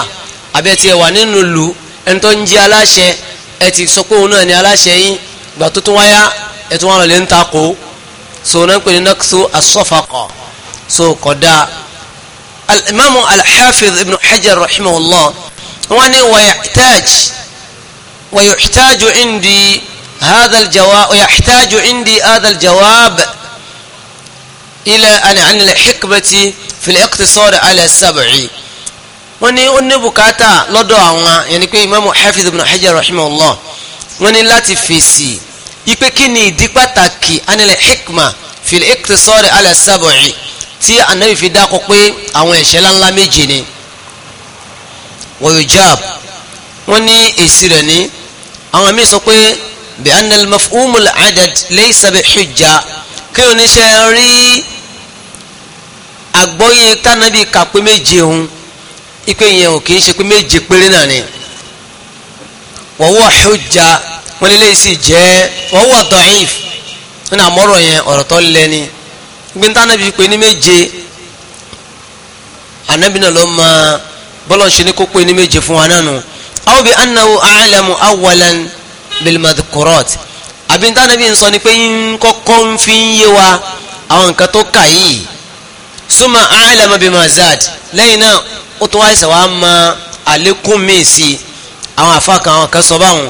àbẹ́ ti ẹ̀ wà nínú ìlú ẹni tó ń jẹ́ aláṣẹ ẹ ti sọ pé òun náà ni aláṣẹ yín ìgbà tó tún wáyá ẹ tún wà lọ́lẹ́ ń ta kó so náà ń pè ní naqsu as so kọ̀dá al-imamu al ibn hajar rahimahullah wọ́n ní wàyàtáj wàyàtájú indi هذا الجواب ويحتاج عندي هذا الجواب إلى أن عن الحكمة fil iqtisad ala sab'i wọ́n ní ó ní bùkátà lọ́dọ̀ àwọn yẹni pé imaamu hafiz ibn hajar rahimahullah wọ́n ní láti fèsì ipe kí ni ìdí pàtàkì anilẹ̀ hikma fil iqtisad ala sab'i tí anabi fi dákọ pé àwọn ẹ̀ṣẹ̀ ńláńlá méje ni wọ́yọ̀jáàb wọ́n ní èsì rẹ̀ ní àwọn míì sọ pé bi anna al-mafhumul adad laysa hujja kí oníṣẹ́ rí àgbọ́yé tánàbí kà pé méje òun ipe yẹn ò kì í ṣe pé méje péré náà ni wa huwa hujja wọn lè sì jẹ́ wa huwa da'if nínú àmọ́rọ̀ yẹn ọ̀rọ̀ tó lẹ́ ni gbé tánàbí pé ní méje ànábì náà ló máa bọ́lọ̀ ṣe ní kó pé ní méje fún wa náà nù aw bi annahu a'lamu awwalan bil madhkurat àbí tánàbí ni pé ń kọ́kọ́ ń yé wa àwọn nǹkan tó kà yìí súnmọ́ àìlẹ́mọ̀ bíi mazad lẹ́yìn náà ó tó wá ṣe wàá mọ àlékún míì sí àwọn àfáàkàn àwọn kan sọ báwọn.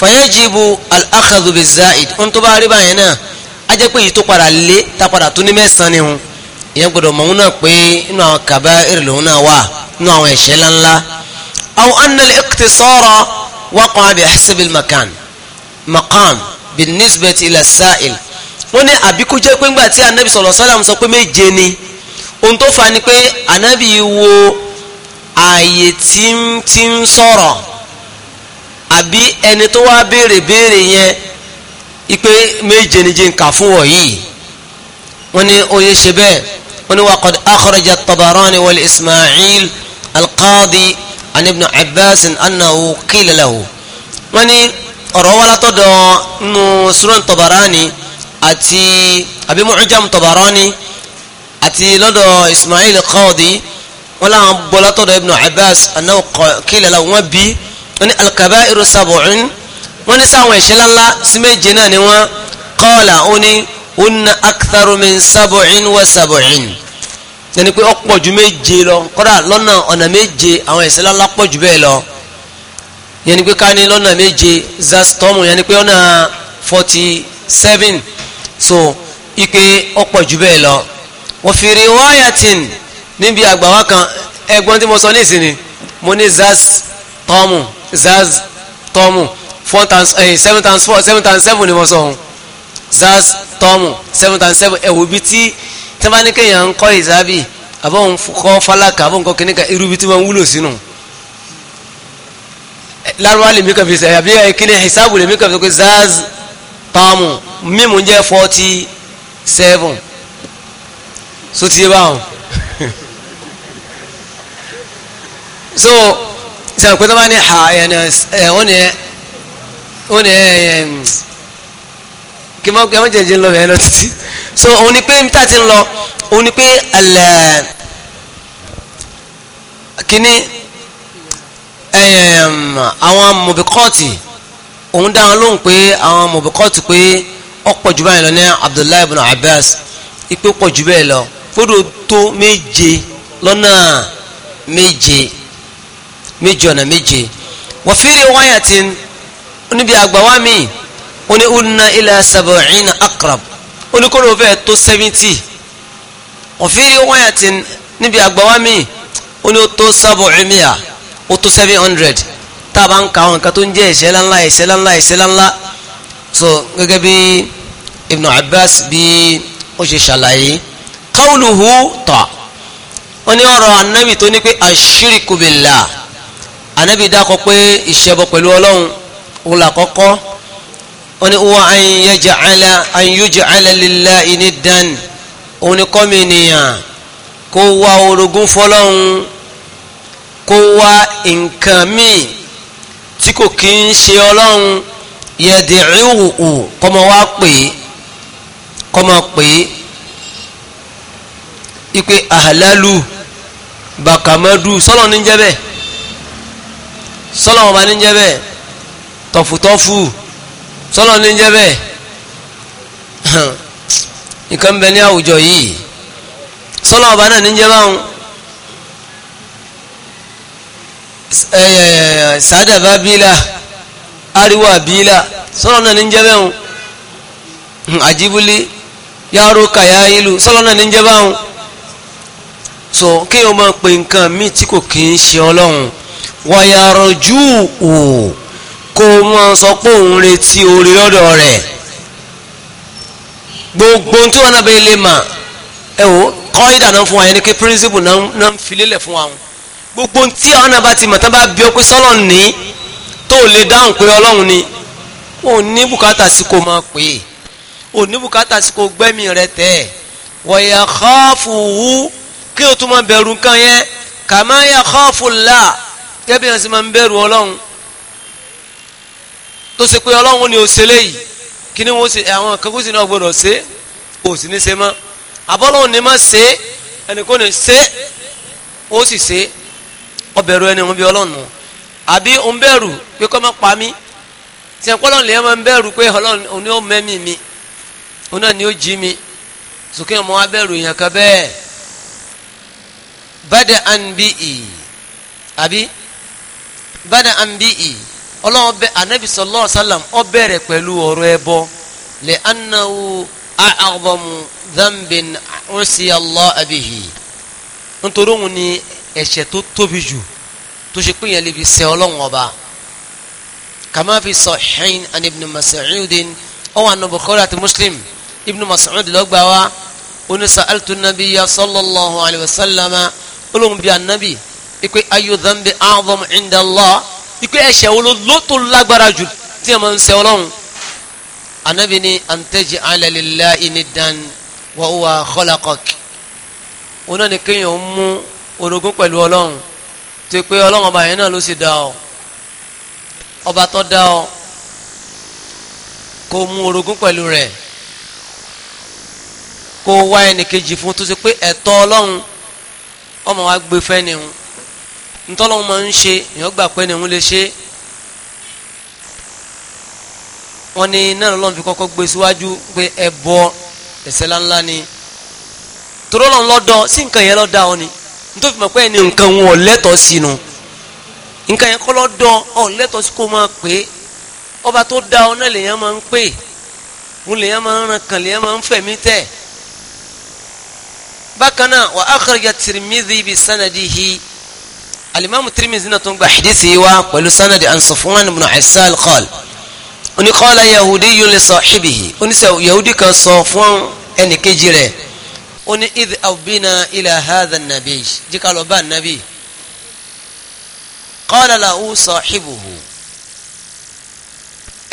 fàyẹ́jìbù al-akhadhu biz-zaid ohun tó bá rí báyẹn náà á jẹ́ pé èyí tó padà lé tá padà tó ní mẹ́sàn-án ni hun ìyẹn gbọ́dọ̀ mọ̀ òun náà pé inú àwọn kaba'ir lòun náà wà inú àwọn ẹ̀ṣẹ̀ ńláńlá. aw anna al-iqtisara waqa'a bi hasab al-makan maqam bin nisbati ila sail wọ́n ní àbí kó jẹ́ pé ńgbà tí anabi sọ̀rọ̀ sálàm sọ pé méje ni ohun tó fa ni pé anabi wo ààyè tí ń ti ń sọ̀rọ̀ àbí ẹni tó wá béèrè béèrè yẹn ipe méje ni jẹ́ fún wọ̀ yìí wọ́n ní oyè ṣe bẹ́ẹ̀ wọ́n ní waqad akhraja at-Tabarani wal Ismail al-Qadi Abbas annahu qila lahu wọ́n ní ọ̀rọ̀ wá látọ̀dọ̀ nù sunan Tabarani àti àbí mu'jam tabarani àti lọ́dọ̀ ismail qadi wọn làwọn bọ́lá tọ́dọ̀ ibn abbas anáwó kílẹ̀ la wọ́n bí wọ́n ní al-kaba'iru sab'un wọ́n ní sáwọn ẹ̀ṣẹ̀ ńláńlá sí méje náà ni wọ́n qala ó ní unna aktharu min sab'in wa sab'in yẹni pé ọ̀pọ̀ méje lọ kọ́dà lọ́nà ọ̀nà méje àwọn ẹ̀ṣẹ̀ ńláńlá pọ̀ bẹ́ẹ̀ lọ yẹni pé ká ní lọ́nà méje zastomu yẹni pé ọ̀nà forty seven so ike ọ̀pọ̀ jù bẹ́ẹ̀ lọ wọ́n fi rí wáyàtìn níbi àgbàwá kan ẹgbọ́n tí mo sọ nísìn ni mo ní zaz tọ́mù zaz tọ́mù four times eh, seven times four seven times seven ni mo sọ ohun zaz tọ́mù seven times seven ẹ̀wò bí tí tí wọ́n bá ní kéèyàn ń kọ́ ìzábì àbọ̀n kọ́ fálákà àbọ̀n kọ́ kìnnìkà irú bí tí wọ́n wúlò sínú lárúbá lèmi kan fi sẹ́yà bí eh, kíni hisabu lèmi kan fi sọ pé zaz tọ́mù mímu jẹ́ forty seven so ti yé báwọn <laughs> so ṣe àpẹtẹ bá ní ha ẹ ẹ ọ ní ẹ ọ ní kí mọ kí mọ jẹjẹ ń lọ bẹ́ẹ̀ lọ títí <laughs> so òun ni pé níta ti ń lọ òun ni pé ẹlẹ kíní àwọn mọ̀bíkọ́ọ̀tì òun dá wọn lóhùn pé àwọn mọ̀bíkọ́ọ̀tì pé ọ̀pọ̀ jù báyìí lọ ní Abdullahi ibn Abbas ipe pọ̀ jù bẹ́ẹ̀ lọ fódò tó méje lọ́nà méje méje ọ̀nà méje wọ́n fi riwayatin níbi àgbàwá mi ó ní unna ila sab'ina akrab ó ní kóró fẹ́ẹ́ tó seventy wọ́n fi riwayatin níbi àgbàwá mi ó ní ó tó sab'imiya ó tó seven hundred tá a bá ń ka àwọn nǹkan tó ń jẹ́ ìṣẹ́lá ńlá ìṣẹ́lá ńlá ìṣẹ́lá ńlá so gẹ́gẹ́ bí Ibn Abbas bí ó ṣe ṣàlàyé qawluhu tọ̀ wọ́n ní ọ̀rọ̀ anábì tó ní pé ashiriku billah anábì dákọ̀ pé ìṣẹbọ pẹ̀lú ọlọ́run òun là kọ́kọ́ wọ́n ní wọ́n an yaj'ala an yuj'ala lillahi niddan òun ní kọ́mi nìyàn kó wá orogún fọlọ́run kó wá nǹkan míì tí kò kí ń ṣe ọlọ́run yẹ̀dìrìwù kọ́mọ wá pè é kọ́mọ pè é ipe ahlalu bakamadu sọ́lọ̀ ní jẹ́ bẹ́ẹ̀ sọ́lọ̀ ọba ní jẹ́ bẹ́ẹ̀ tọ̀fùtọ́fù sọ́lọ̀ ní jẹ́ bẹ́ẹ̀ <clears throat> nǹkan ń bẹ ní àwùjọ yìí sọ́lọ̀ ọba náà ní jẹ́ báwọn sádàbábílà. ariwa àbílà sọ́rọ̀ náà ní ń jẹ́ bẹ́hùn hmm, àjíbúlé yàrá kàyà ìlú ní jẹ́ báhùn so kí o máa pe nǹkan míì tí kò kí ń ṣe ọlọ́run wàyàrọ̀ jù ò kó o sọ pé òun retí orí lọ́dọ̀ rẹ̀ gbogbo tí wọn náà bẹ lè mà ẹ kọ́ ìdáná fún wa yẹn ni kí píríncípù náà ń filélẹ̀ gbogbo tí àwọn náà bá ti mọ̀ tán tó lè dáhùn pé ọlọ́run ni ò ní bùkátà sí kò máa pè é ò ní bùkátà sí kò gbẹ́mí rẹ tẹ́ ẹ̀ wọ̀yà xaafu wú kí o tún máa bẹ̀rù nǹkan yẹn kàmá yà xaafu là kẹ́bí yẹn sì máa ń bẹ̀rù ọlọ́run tó ṣe pé ọlọ́run ni ò ṣe léyìí kí ni wọ́n ṣe àwọn kankan sì náà gbọ́dọ̀ ṣe ò sì ní ṣe mọ́ àbọ́lọ́run ni má ṣe ẹnì kò ṣe ó sì ṣe ọbẹ̀rù ẹni wọn bí ọlọ́run náà àbí òun bẹ̀rù pé kọ́ mọ́ pa mí tí wọn kọ́lọ́n lèèyàn máa ń bẹ̀rù pé ọlọ́run òun yóò mẹ́mí mi òun náà ni ó jí mi sókè ọmọ wa bẹ̀rù èèyàn kan bẹ́ẹ̀ bada anbi i àbí bada anbi i ọlọ́run bẹ anabi sallallahu alaihi wasallam bẹ̀rẹ̀ pẹ̀lú ọ̀rọ̀ ẹbọ lè anáwó àgbọ̀mù dhanbin ọ̀sìn allah abihi nítorí òun ni ẹ̀ṣẹ̀ tó tóbi jù tó ṣe pé yẹn lè fi sẹ ọlọ́run ọba kama fi sahihayn an ibn mas'udin ọwọ́ àna bukhari àti muslim ibn mas'ud lọ́gbà wa oníṣà altunabiyya sallallahu alayhi wa sallama olóhùn bíi anabi ikú ayu dhanbi a'zam inda Allah ikú ẹ̀ṣẹ̀ wo ló tó lágbára jù tí a máa ń sẹ ọlọ́run anabi ni an taj'ala lillahi niddan wa huwa khalaqak wọn náà ni kéèyàn mú orogún pẹ̀lú ọlọ́run tó pé ọlọ́run ọba yẹn náà ló sì dá ọ ọba tó dá ọ kó mú orogún pẹ̀lú rẹ̀ kó wá ẹnìkejì fún tó ṣe pé ẹ̀tọ́ ọlọ́run ọmọ wa gbé fẹ́ nìhun ntọ́lọ́run máa ń ṣe èèyàn gbà pé nìhun lè ṣe wọ́n ní náà lọ́n fi kọ́kọ́ gbé síwájú pé ẹbọ ẹ̀ṣẹ̀ ńláńlá ni torọ́lọ́n lọ́dọ̀ sí nǹkan yẹn lọ́dà ọ ni nítorí fi mọ̀ pé ẹni nǹkan wọn ọ̀lẹ́tọ̀ sí nu nǹkan yẹn kọ́lọ́ dán ọ̀lẹ́tọ̀ sí kó máa pè é ọba tó dá ọ náà lèyàn máa ń pè òun lèyàn máa ń ran kàn lèyàn máa ń fẹ̀mí tẹ̀ bákan náà wà á kọ́rọ̀jà Tirmidhi bi sanadihi alimami Tirmidhi náà tó ń gba hadithi wa pẹ̀lú sanadi an Safwan ibn Asal qal oníkọ́lá yahudi yóò lè sọ ṣíbìhì oníṣẹ́ yahudi kan sọ fún ẹnìkejì rẹ̀ ó ní idh awbina ila hadha nabi jíkà lọ bá nabi qala lahu sahibuhu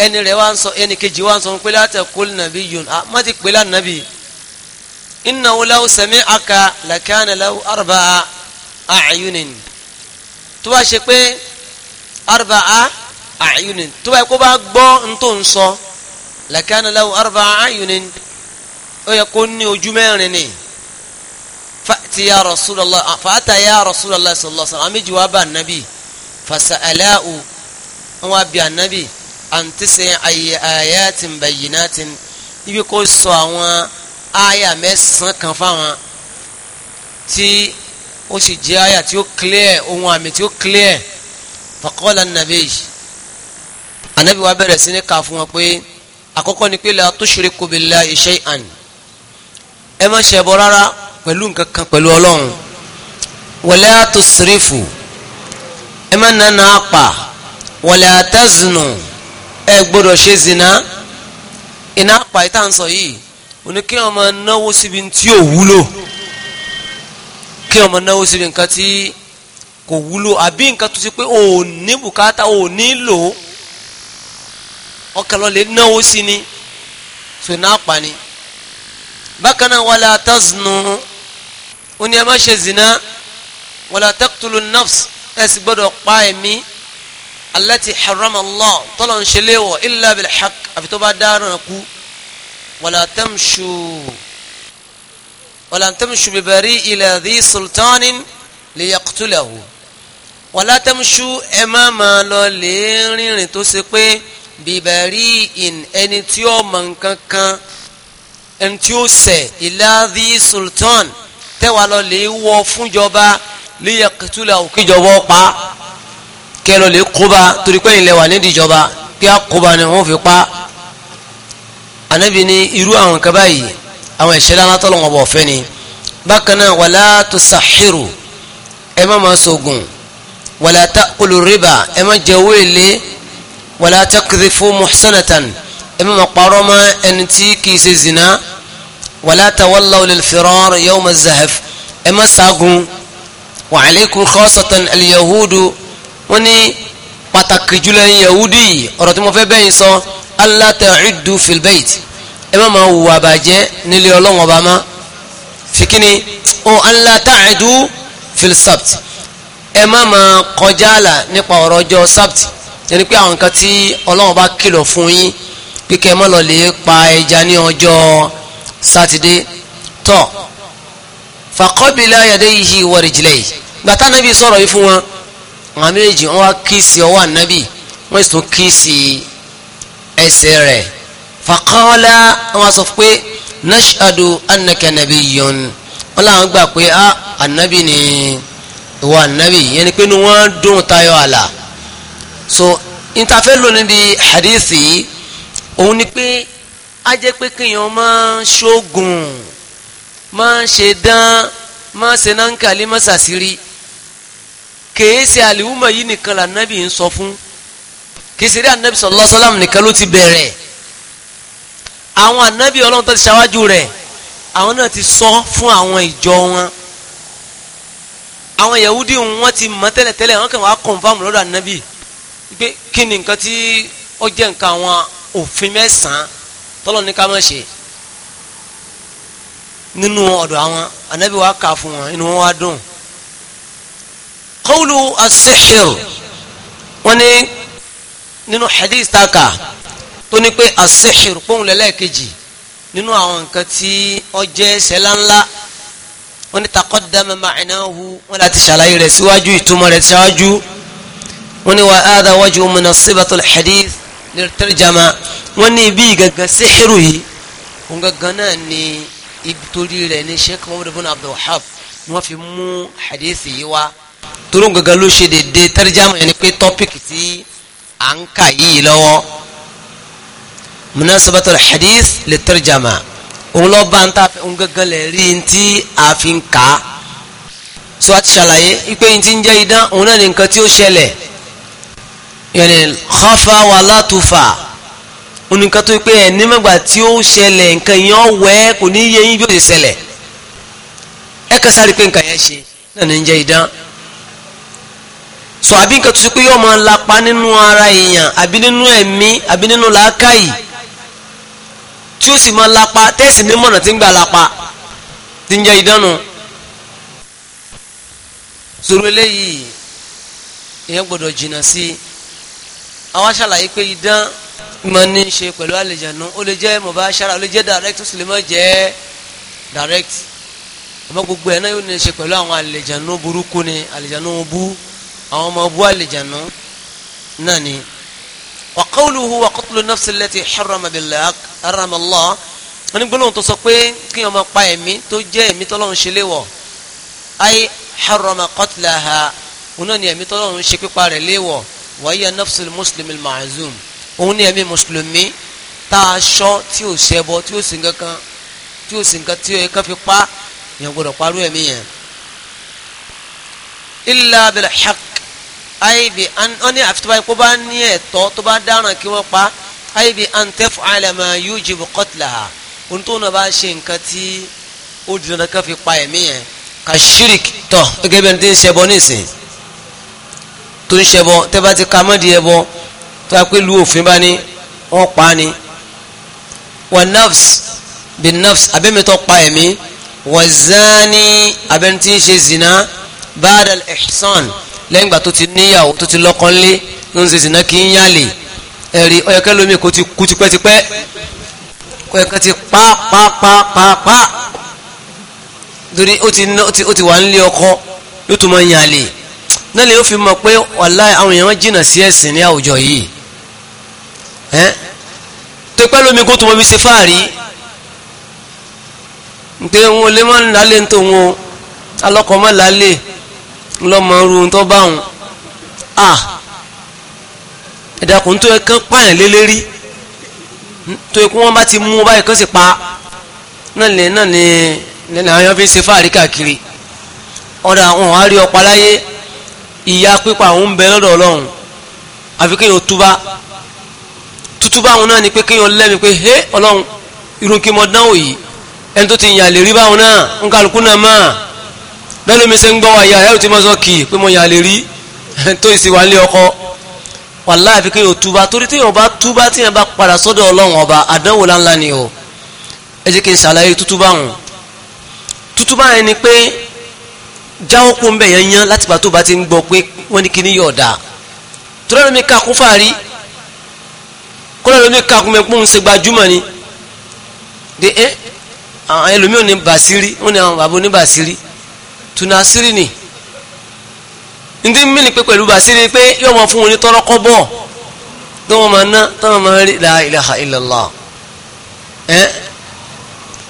ẹni rẹ̀ wá ń sọ ẹni kejì wá ń sọ pé la taqul nabiyyun à má ti pè lá nabi innahu law sami'aka lakana lahu arba'a a'yunin tó bá ṣe pé arba'a a'yunin tó bá kó bá gbọ́ ń tó ń sọ lakana lahu arba'a a'yunin ó yẹ kó ní ojú mẹ́rin ni fati ya rasulallah fata ya rasulallah sallallahu alaihi wasallam ami jawaba annabi fasalahu wa bi annabi antise ayi ayatin bayyinatin ibi kò sọ àwọn aya mẹ́sàn kan fáwọn tí ó sì jẹ́ aya tí ó clear ohun àmì tí ó clear faqala annabi annabi wa bẹ̀rẹ̀ sí ní fún wọn pé àkọ́kọ́ ni pé la tushriku billahi shay'an ẹ má ṣẹbọ rárá pẹ̀lú nǹkan kan pẹ̀lú ọlọ́run wala tusrifu ẹ má nana apà wala taznu ẹ gbọ́dọ̀ ṣe zina iná apà yìí tá à ń sọ yìí òní kí wọn máa náwó síbi tí ò wúlò kí wọn máa náwó síbi nǹkan tí kò wúlò àbí nǹkan tó ṣe pé ò ní bùkátà ò ní lò ọkàn lọ náwó sí ni so iná apà ni bákan náà wala taznu ó ní ẹ má ṣe zina wala taqtulu nafs ẹ sì gbọ́dọ̀ pa ẹ̀mí allati harrama Allah tọ́lọ̀ ń ṣe léwọ̀ illa bil haqq àfi tó bá dáràn kú wala tamshu wala tamshu bi bari'in la dhi sultanin liyaqtulahu wala tamshu ẹ má máa lọ lè rìnrìn tó ṣe pé bi bari'in ẹni tí ó mọ nǹkan kan ẹni tí ó ṣẹ̀ illa dhi sultan tẹ́wàá lọ lè wọ fúnjọba léyà kẹtùlà òkèjọba pa kẹ lọ lè kóba torí pé ìlẹ̀ wà nídìí ìjọba kí á kóba ni wọ́n fi pa anabi ni irú àwọn nǹkan báyìí àwọn ìṣẹ̀lẹ̀ alátọ́lọ́ wọn bọ̀ fẹ́ ni bákan náà wàlá tusahiru ẹ má máa sògùn wàlá takulu riba ẹ má jẹ owó èlé wàlá takrifu muhsanatan ẹ má máa parọ́ mọ́ ẹni tí kì í ṣe zina wala tawallaw lil firar yawm az-zahf ẹ má ságun wa alaykum khasatan al-yahudu wọ́n ní pàtàkì jùlọ ẹ̀yin yahudi ọ̀rọ̀ tí mo fẹ́ bẹ́yìn sọ allah ta'uddu fil bayt ẹ má máa hùwà bàjẹ́ nílé ọlọ́wọ́n ọba má fikini o allah ta'uddu fil sabt ẹ má máa kọjá àlà nípa sabt yẹni pé àwọn nǹkan tí ọlọ́wọ́n bá kìlọ̀ fún yín pé kẹ́ ẹ má lọ lè pa ẹja ní ọjọ́ sátidé tọ́ fàkọ́bìlà yàdéyìí wọ̀rìjìlẹ̀ gbàtà nàbí sọ̀rọ̀ yìí fún wọn àwọn méjì wọn wá kíìsì ọwọ́ ànábì wọn sì tún kíìsì ẹsẹ̀ rẹ̀ fàkọ́ọ́lá wọn sọ pé nashadu annaka nabiyyun wọn làwọn gbà pé a ah, ànábì ni ìwọ ànábì yẹn ni pé ni wọn dùn tayọ àlà so ìtafẹ́ lónìí di hadithi òun ni pé á jẹ́ pé kéèyàn máa ń ṣoògùn máa ń ṣe dán máa ń ṣe nánkàlí máa ṣàṣírí kèé ṣe yìí nìkan lànàbì ń sọ fún kìí ṣe rí ànàbì sallallahu alaihi wasallam nìkan ló ti bẹ̀rẹ̀ àwọn ànàbì ọlọ́run tó ti ṣáwájú rẹ̀ àwọn náà ti sọ fún àwọn ìjọ wọn àwọn yahudi wọn ti mọ tẹ́lẹ̀tẹ́lẹ̀ wọn kàn wá kọ̀nfàmù lọ́dọ̀ ànàbì pé kí ni nǹkan tí ó jẹ́ nǹkan àwọn òfin mẹ́sàn-án tọ́lọ̀ ní ká má ṣe nínú ọ̀dọ̀ àwọn anábì wa kà fún wọn inú wọn wá dùn qawlu as-sihr wọn ní nínú hadith taka tó ní pé as-sihr pọ́n lẹ́lẹ́kejì nínú àwọn nǹkan tí ó jẹ́ sẹ́láńlá wọn ní taqaddama ma'nahu wọn láti ṣàlàyé rẹ̀ síwájú ìtumọ̀ rẹ̀ síwájú wọn ní wa hadha wajhu munasibatul hadith lẹ́tẹ̀rẹ̀jàmá wọ́n ní ibi gangan sihiru yìí wọ́n gangan náà ní ibi torí rẹ̀ ní sheikh muhammad bin abdul wahab ni wọ́n fi mú hadith yìí wá torí gangan ló ṣe dédé tẹ̀rẹ̀jàmá yẹn ni pé tọ́pìkì tí à ń kà yìí lọ́wọ́ munasabatu hadith lẹ́tẹ̀rẹ̀jàmá òun lọ bá ń ta òun gangan lè rí ntí àfi ń kà á so àti ṣàlàyé ipe ntí ń jẹ́ idán òun náà ní nǹkan tí ó ṣẹlẹ̀ yẹni xafa wàhálà tó fà oníkan tó pé ẹ nímọ̀gbà tí ó ṣẹlẹ̀ nǹkan yẹn ọ̀wẹ́ kò ní yẹ yín bí ó ṣe ṣẹlẹ̀ ẹ kàn sáré pé nǹkan yẹn ṣe náà ní jẹ́ idán sọ àbí nǹkan tó ṣe pé yóò máa lapa nínú ara èèyàn àbí nínú ẹ̀mí àbí nínú làákàyè tí ó sì máa lapa tẹ́sí mímọ̀nà tí ń gbà lapa tí ń jẹ́ idán nu sọ̀rọ̀ eléyìí ìyẹn gbọ́dọ̀ jìnnà sí i àwọn aṣàlàyé pé idán máa ní í ṣe pẹ̀lú àlejànú ó lè jẹ́ mubashara ó lè jẹ́ direct ó sì lè má jẹ́ direct àmọ́ gbogbo ẹ̀ náà yóò ní í ṣe pẹ̀lú àwọn àlejànú burúkú ni àlejànú bú àwọn ọmọ bú àlejànú náà ni. wa qawluhu wa qatlu wọn ní tó sọ pé kí ọmọ pa ẹ̀mí tó jẹ́ ẹ̀mí tọ́lọ́run ṣe ṣe léwọ̀ wàyí nafsul muslim maazum òun ni ẹ̀mí mùsùlùmí tá a ṣọ́ tí ò ṣẹbọ tí ò sì nǹkan kan tí ò sì nǹkan tí ẹ̀ kan fi pa yẹn gbọdọ̀ parú ẹ̀mí yẹn. illa bil haqq ayibi ọ́nì àfitúbá kó bá ní ẹ̀tọ́ tó bá dáràn kí wọ́n pa ayibi an taf'ala ma yujibu qatlaha òun tó náà bá ṣe nǹkan tí ó dìrọ̀nà kan fi pa ẹ̀mí yẹn ka shirik gẹ́gẹ́ bí ẹni tí ń ṣẹbọ nísìnyí tó ń ṣẹbọ tẹ́ bá ti ka mọ́dì ẹbọ tó yà pé lu òfin bá ní wọ́n pa ni wà nafs bí nafs abẹ́mìtọ́ pa ẹ̀mí wà zani abẹ́ni tí ń ṣe zina badal ihsan lẹ́yìn ìgbà tó ti níyàwó tó ti lọ́kànlé ń ṣe zina kì í yálè ẹ̀rí ọ̀yọ̀kẹ́ lómi kò ti kú tipẹ́tipẹ́ ọ̀yọ̀kẹ́ ti pa pa pa pa pa torí ó ti wà ń lé ọkọ ló tún máa ń yálè náà lè yóò fi mọ̀ pé ọ̀la àwọn èèyàn jìnnà sí ẹ̀sìn ní àwùjọ yìí ẹ́ tó pẹ́ lómi kó tó mọ bí ṣe fáàrí nítorí wọn ò lè má lálé ní tòun o alọ́kọ̀ má lálé ńlọmọ ru tó bá wọn a ẹ̀dàkùn tó yẹ kán pààyàn lé lérí tó yẹ kó wọn bá ti mú wọn báyìí kán sì pa náà náà ní lẹ́nu àwọn èèyàn fi ṣe fáàrí káàkiri ọ̀dà àwọn àárí ọ̀pá láyé ìyá pípa òun bẹ lọ́dọ̀ ọlọ́run àfi kéèyàn túbá tútúbá òun náà ni pé kéèyàn lẹ́mi pé hé ọlọ́run irun kí mo dánwò yìí ẹni tó ti yàn lè rí báwọn náà ń kálukú náà mọ́ bẹ́ẹ̀ lómi ṣe ń gbọ́ wáyà ẹ̀rù tí mo sọ kì í pé mo yàn lè rí <laughs> tó ìsì wà nílé ọkọ wàláhì àfi kéèyàn túbá torí téèyàn bá túbá téèyàn bá padà sọ́dọ̀ ọlọ́run ọba àdánwò láńlá ni o ẹ jẹ́ kí n ṣàlàyé ni pé jáwọ́ kó ń bẹ̀ yẹn yán láti pàtó bá ti ń gbọ́ pé wọ́n ní kíní yọ̀ ọ̀dà tó lẹ́nu mi ká fàárí kó lẹ́nu mi ká mi pọ́n ṣe gbajúmọ̀ ni de ẹ́ àwọn ẹlòmíì ò ní bàṣírí wọ́n ní àwọn bàbá oníbàṣírí tunasiri ni ndí mímí ni pé pẹ̀lú bàṣírí pé yóò máa fún wọn ní tọ́lọ́kọ́ bọ̀ tó wọn máa ná tó wọn máa rí la ilaha illallah ẹ́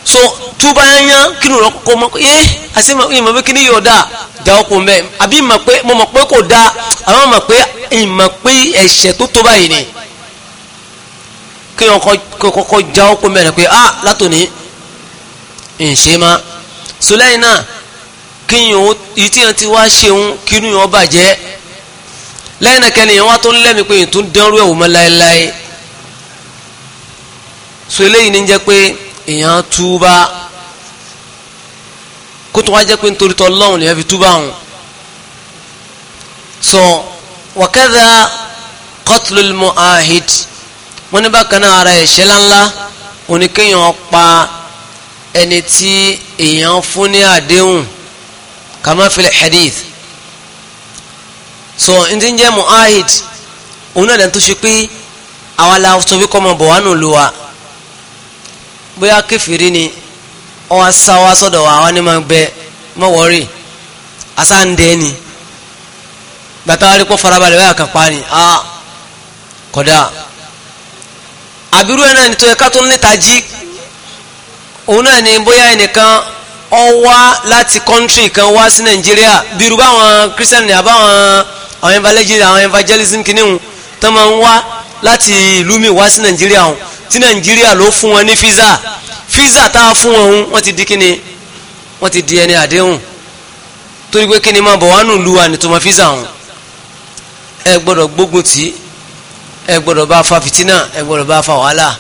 so tó bá ń yán kí ni òun kọ́kọ́ mọ́ ẹ́ àti ìmọ̀ pé kí ni yóò dá da ọkùn mẹ́ àbí ìmọ̀ pé mo mọ̀ pé kò dá àwọn mọ̀ pé ìmọ̀ pé ẹ̀ṣẹ̀ tó tó báyìí ni kí wọn kọ́kọ́ já ọkùn mẹ́rin pé ah látòní ǹṣe má so lẹ́yìn náà kí yóò yìí tí wọn ti wá ṣeun kí ni yóò bàjẹ́ lẹ́yìn náà kẹ́ni yẹn wá tó ń lẹ́mi pé ìtún dẹ́rù ẹ̀wò mọ́ láéláé so eléyìí ní jẹ́ pé èèyàn túbá kó tó wá jẹ́ pé nítorí tọ́ lọ́hùn lèèyàn fi túbá hùn so wàkẹ́dà qatlul mu'ahid wọ́n ní bákan náà ara ẹ̀ṣẹ̀ láńlá oníkéèyàn pa ẹni tí èèyàn fún ní àdéhùn kama fil hadith so n ti ń jẹ́ mu'ahid òun náà dẹ̀ tó ṣe pé àwa la sọ pé kọ́ mọ̀ bọ̀ wá nù lù wá bóyá kẹfìrí ni ọwọ́ sáwá sọ́dọ̀ wa àwọn ni máa bẹ mọ́wọ́rì asáǹdẹ́ ni gbàtà wà ní kó farabalẹ̀ wáyà kan pa ni a kọ̀dá àbúrò ẹ̀ náà ni tó yẹ ká tó ń níta jí òun náà ni bóyá ẹnìkan ọ wá láti kọ́ńtírì kan wá sí nàìjíríà bí irú báwọn kírísítẹ́nì àbáwọn àwọn evangelism kìnìún tó máa ń wá láti ìlú mi wá sí nàìjíríà wọn tí nàìjíríà ló fún wọn ní fíza fíza tá a fún wọn wọn ti di kíni wọn ti di ẹni àdéhùn torí pé kíni máa bọ̀ wá nù lu ànìtúmọ̀ fíza wọn ẹ gbọ́dọ̀ gbógun tì í ẹ gbọ́dọ̀ bá fa fìtínà ẹ gbọ́dọ̀ bá fa wàhálà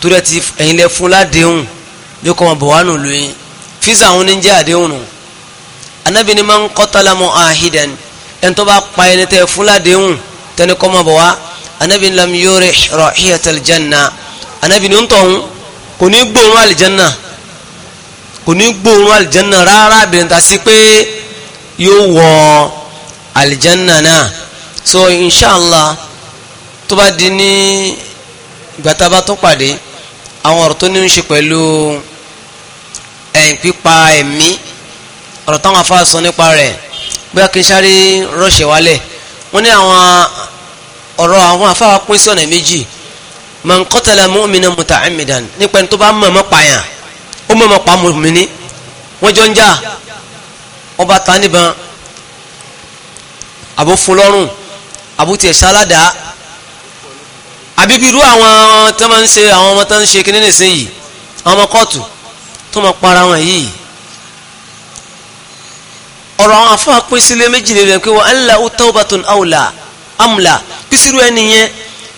torí ẹ ti ẹ̀yin lẹ fún ládéhùn bí kò máa bọ̀ wá nù lu fíza wọn ní jẹ́ àdéhùn nù anabi ni máa ń kọ́ tálámù ahidan ẹni tó bá pa ẹni tẹ fún ládéhùn tẹni kọ́ máa bọ̀ wá anabi lam yori rahiyata aljanna anabi ni ó ń tọ̀hún kò ní gbóòórùn aljanna kò ní gbóòórùn aljanna rárá bìrìn ta sí pé yóò wọ aljanna náà so inshallah tó bá di ní gbàtàbà tó pàdé àwọn ọ̀rọ̀ tó ní ń ṣe pẹ̀lú ẹ̀yìn pípa ẹ̀mí ọ̀rọ̀ táwọn afáàsọ nípa rẹ̀ bí a kì í sáré rọ̀ṣẹ̀ wálẹ̀ wọ́n ní ọ̀rọ̀ àwọn afáwa pín sí ọ̀nà méjì man qatala mu'mina muta'ammidan nípa ẹni tó bá mọ̀ọ́mọ̀ pààyàn ó mọ̀ọ́mọ̀ pa mọ̀mìnì wọ́n jọ ń jà ọba ta níbọn àbó fún lọ́rùn àbó tiẹ̀ ṣáládàá àbíbirú àwọn tó máa ń ṣe àwọn ọmọ tó ń ṣe kíní nìsín yìí àwọn ọmọ kóòtù tó máa para wọn yìí ọ̀rọ̀ àwọn afọ́ apín sílé méjìlélẹ́gbẹ̀wọ̀ an la tawbatun awla amla písírú ẹni yẹn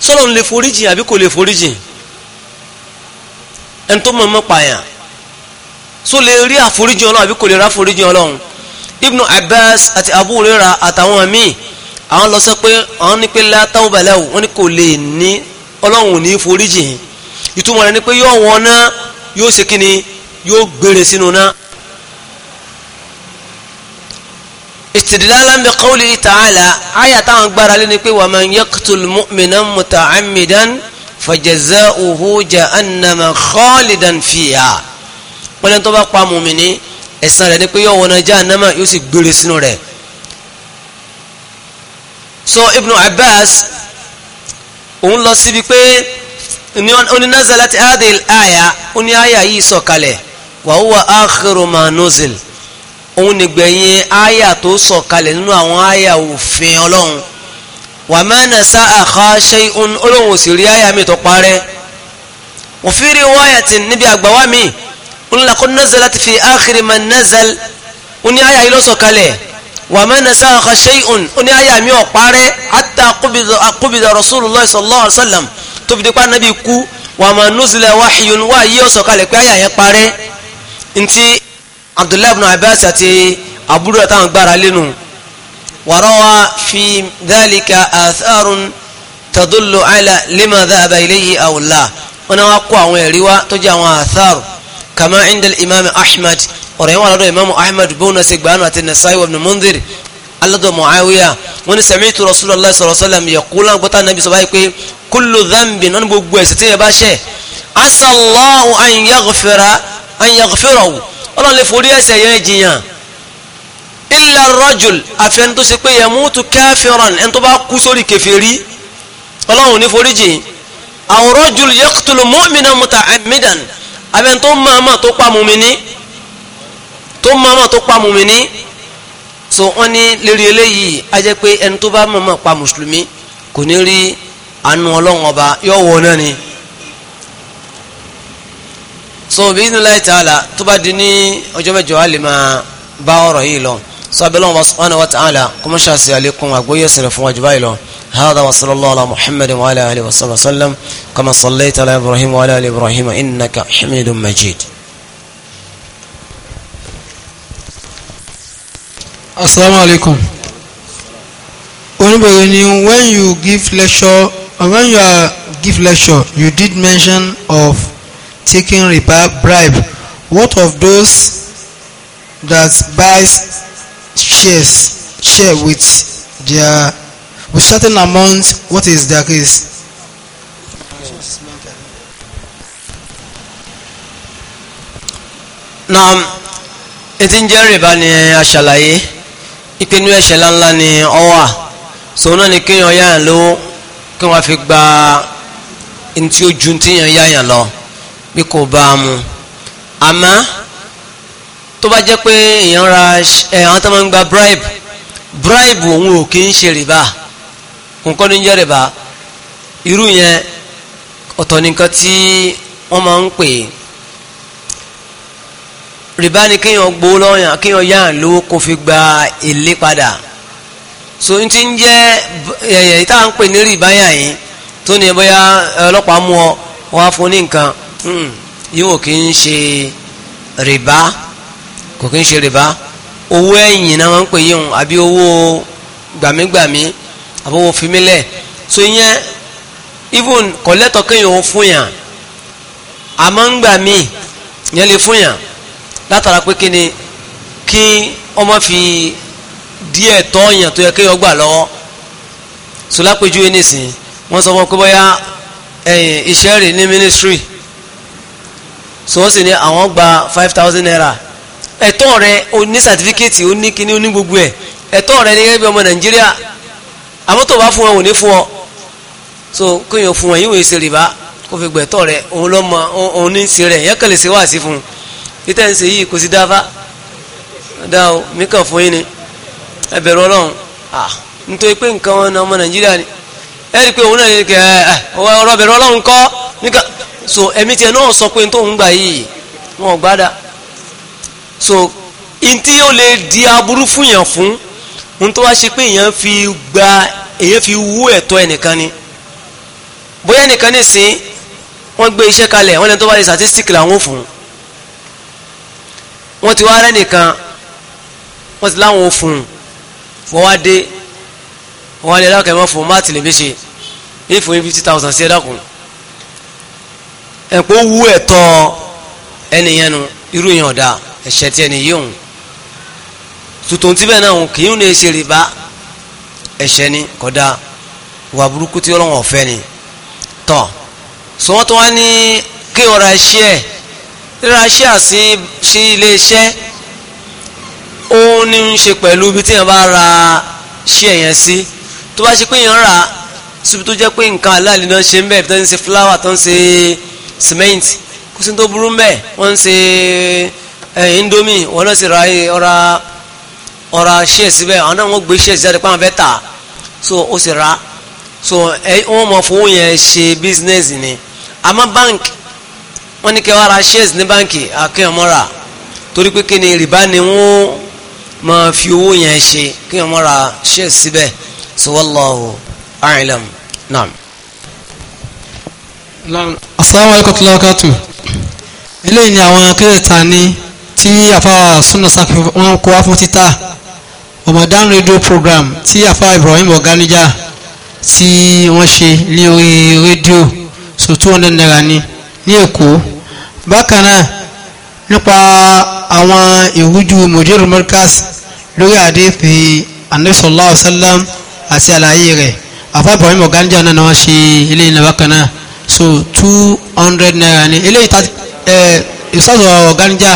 sọ́lọ́run lè foríjì àbí kò lè foríjì ẹni tó mọ̀ mọ́ pààyàn so lè rí àforíjì ọlọ́run àbí kò lè rí àforíjì ọlọ́run ibnu abbas àti abu huraira àtàwọn míì àwọn lọ sọ pé àwọn ní pé látàwọn balẹ̀ wọn ni kò lè ní ọlọ́run ò ní foríjì ìtumọ̀ rẹ̀ ni pé yóò wọ́n náà yóò ṣe kíni yóò gbére sínú náà. istidlalan bi qawlihi ta'ala àyà táwọn gbára lé ni pé wa man yaqtul mu'minan muta'ammidan fajaza'uhu jahannama khalidan fiha pẹ́lẹ́ tó bá pa mùmìnì ẹ̀san rẹ̀ ni pé yóò wọnà jahannama yóò sì gbére sínú rẹ̀ so ibnu abbas òun lọ síbi pé oní nazalat adil aya oní aya yìí sọ̀kalẹ̀ wa huwa akhiru ma nuzil òun nìgbẹ̀yìn àyà tó sọ̀kalẹ̀ nínú àwọn àyà òfin ọlọ́run wa ma nasa'a khashay'un olóhùn òsì rí àyà mi tó parẹ́ wa fi riwayatin níbi àgbàwá mi òun làkó nazalat fi akhiri man nazal òun ní àyà yìí ló sọ̀kalẹ̀ wa ma nasa'a khashay'un òun ní àyà mi ò parẹ́ hatta qubida rasulullah sallallahu alaihi wasallam tóbi dípa nabi ku wa ma nuzila wáyé ó sọ̀kalẹ̀ pé àyà yẹn parẹ́ abdullahi ibn abbas àti àbúrò táwọn gbára lẹ́nu warawa fi dhalika atharun tadullu ala lima dhahaba ilayhi aw la wọn náà wá kó àwọn ẹ̀rí wá tó jẹ́ àwọn athar kama inda imam ahmed ọ̀rọ̀ yẹn wà lọ́dọ̀ imam ahmed bóun náà ṣe gbàánu àti nasai wa ibn mundir alọ́dọ̀ muawiya wọn ni sami'tu rasulullah sallallahu alaihi wasallam yaqulan gbọ́tà nàbí sọ báyìí pé kullu dhanbin nínú gbogbo ẹ̀ṣẹ̀ tí yẹn bá asallahu an yaghfira an yaghfirahu ọlọ́run lè forí ẹ̀ṣẹ̀ yẹn jiyàn illa rajul àfẹn tó ṣe pé yamutu kafiran ẹni tó bá kú sórí kèfèrí ọlọ́run ní forí jìn aw rajul yaqtulu mu'minan muta'ammidan àfẹn tó máma tó pa mùmíní tó máma tó pa mùmíní so wọ́n ní lérí eléyìí a jẹ́ pé ẹni tó bá máma pa mùsùlùmí kò ní rí àánú ọlọ́run ọba yọ̀ wọ̀ náà ni so bí inú láì tààlà tó bá di ní ọjọ́ mẹ́jọ á lè máa bá ọ̀rọ̀ yìí lọ so abẹ́lẹ́ wọn bá subhanahu wa ta'ala kó mọ́ ṣàṣì àlékún àgbóyè sẹ̀rẹ̀ fún wájú báyìí lọ هذا وصلى الله على محمد وعلى اله وصحبه وسلم كما صليت على ابراهيم وعلى ال ابراهيم انك حميد مجيد Assalamu alaikum. Oníbẹ̀rẹ̀ ni when you give lecture uh, when you are give lecture you did mention of taking bribe what of those that buys shares share with their with certain amount what is their case. naam etí ń jẹ́ rìbá ni a ṣàlàyé ìpinnu ẹ̀ṣẹ̀ ńláńlá ni ọ wà sòun náà ni kéèyàn yáyàn lówó kí wọ́n fi gba ntí ojú tí yàn yáyàn lọ pé kò bá a mu àmọ́ tó bá jẹ́ pé èèyàn ra ẹ̀ eh, tó máa ń gba bribe bribe òun ò kì í ṣe rìbá nǹkan ní jẹ́ rìbá irú yẹn ọ̀tọ̀ nìkan tí wọ́n máa ń pè rìbá ni kéèyàn gbowó lọ́yàn kéèyàn yá lówó kó fi gba èlé padà so n ti ń jẹ́ ẹ̀yẹ̀ tá à ń pè ní rìbá yà yín tó ní bóyá ọlọ́pàá mú ọ wọ́n á fún ní nǹkan yíwò kì í ṣe rìbá kò kì í ṣe rìbá owó ẹ̀yìn náà wọ́n ń pè yíwò àbí owó gbàmígbàmí àbí owó fimilẹ̀ so yẹn even kọ̀lẹ́tọ̀ kéèyàn ó fún yàn àmọ́ ń gbà mí yẹn lè fún yàn látara pé kí ni kí ọmọ fi díẹ̀ tọ́ yàn tó yẹ kéèyàn gbà lọ́wọ́ so lápèjúwe nísìnyí wọ́n sọ fún pé bóyá iṣẹ́ rẹ̀ ní ministry so wọ́n sì ní àwọn gba five thousand naira ẹ̀tọ́ rẹ o ní sàtífíkẹ́tì o ní kíní o ní gbogbo ẹ̀ ẹ̀tọ́ rẹ ní gẹ́gẹ́ bí ọmọ nàìjíríà àmọ́ tó bá fún wọn ò ní fún ọ so kéèyàn fún wọn yìí wòye ṣe rìbá kó fi gbẹ̀tọ́ rẹ òun lọ mọ òun ní ṣe rẹ ìyẹn kẹlẹ̀ ṣe wá sí fún un títẹ̀ ń ṣe yìí kò sí dáfá dá o mí kàn fún yín ni ẹ bẹ̀rù ọlọ́run ah nítorí pé nǹkan wọn ọmọ nàìjíríà ni ẹ rí i pé òun náà so ẹ̀mí tiẹ̀ náà sọ pé tó gbà yìí wọn gbádà so ntí ó lè di aburú fún yàn fún n tó wá ṣe pé èèyàn fi gba èèyàn fi wú ẹ̀tọ́ ẹnìkan ni bóyá ẹnìkan ní sìn wọ́n gbé iṣẹ́ kalẹ̀ wọ́n lẹ́nu tó bá lè statistics làwọn ò fún wọ́n ti wá rẹ́ nìkan wọ́n ti láwọn ò fún wọ́n wá wọ́n wá lé ẹ̀dá kan ẹ̀mọ́ fún máàtì lè fún yín fifty thousand sí ẹ̀dá kan ẹ̀pọ̀ wú ẹ̀tọ́ ẹnìyẹn nu irú yẹn ọ̀dà ẹ̀ṣẹ̀ tí ẹni yìí òun tuntun tíbẹ̀ náà òun kì í ní ṣe rìbá ẹ̀ṣẹ̀ ni kódà wà burúkú tí ọlọ́wọ̀n ọ̀fẹ́ ni tọ̀ so wọ́n tó wá ní kí ọ̀rọ̀ ẹṣẹ́ ẹ̀ ríra ẹṣẹ́ àti ṣe iléeṣẹ́ ó ní ń ṣe pẹ̀lú ibi tí yẹn bá ra ṣẹ́ yẹn sí tó bá ṣe pé yẹn rà síbi tó jẹ́ pé nǹkan aláàlú náà ṣe ń bẹ̀ tó ń ṣe fúláwà tó ń ṣe cement kò sí tó burú mbẹ wọ́n ń ṣe indomie wọ́n náà sì ra ọ̀ra ọ̀ra ṣíẹ̀ síbẹ̀ àwọn náà wọ́n gbé ṣíẹ̀ sí jáde pàmò fẹ́ tà so ó sì ra so wọ́n mọ̀ fowó yẹn ṣe business ni àmọ́ bank wọ́n ní kí wọ́n ra ṣíẹ̀sì ní báǹkì akéèyàn mọ́ra torí pé kí ni rìbá ni wọ́n máa fi owó yẹn ṣe kéèyàn mọ́ra ṣíẹ̀sì síbẹ̀ so wallahu a'lam naam asalaamu alaykum tula wakatu eléyìí ni àwọn akérèta ni tí àfáà súnà sáfì wọn kó wá fún títà Ramadan radio program tí àfáà Ibrahim Ọ̀gánijà tí wọ́n ṣe ní orí rédíò so two hundred naira ni ní Èkó bákan náà nípa àwọn ìrújú mòdìrú mọ́ríkàs lórí àdéhùn anabisalaahu salam àti àlàyé rẹ̀ àfáà Ibrahim Ọ̀gánijà náà ni wọ́n ṣe eléyìí náà bákan náà so two hundred naira ni eléyìí ta ẹ ìsọ̀tọ̀ ọ̀gánijà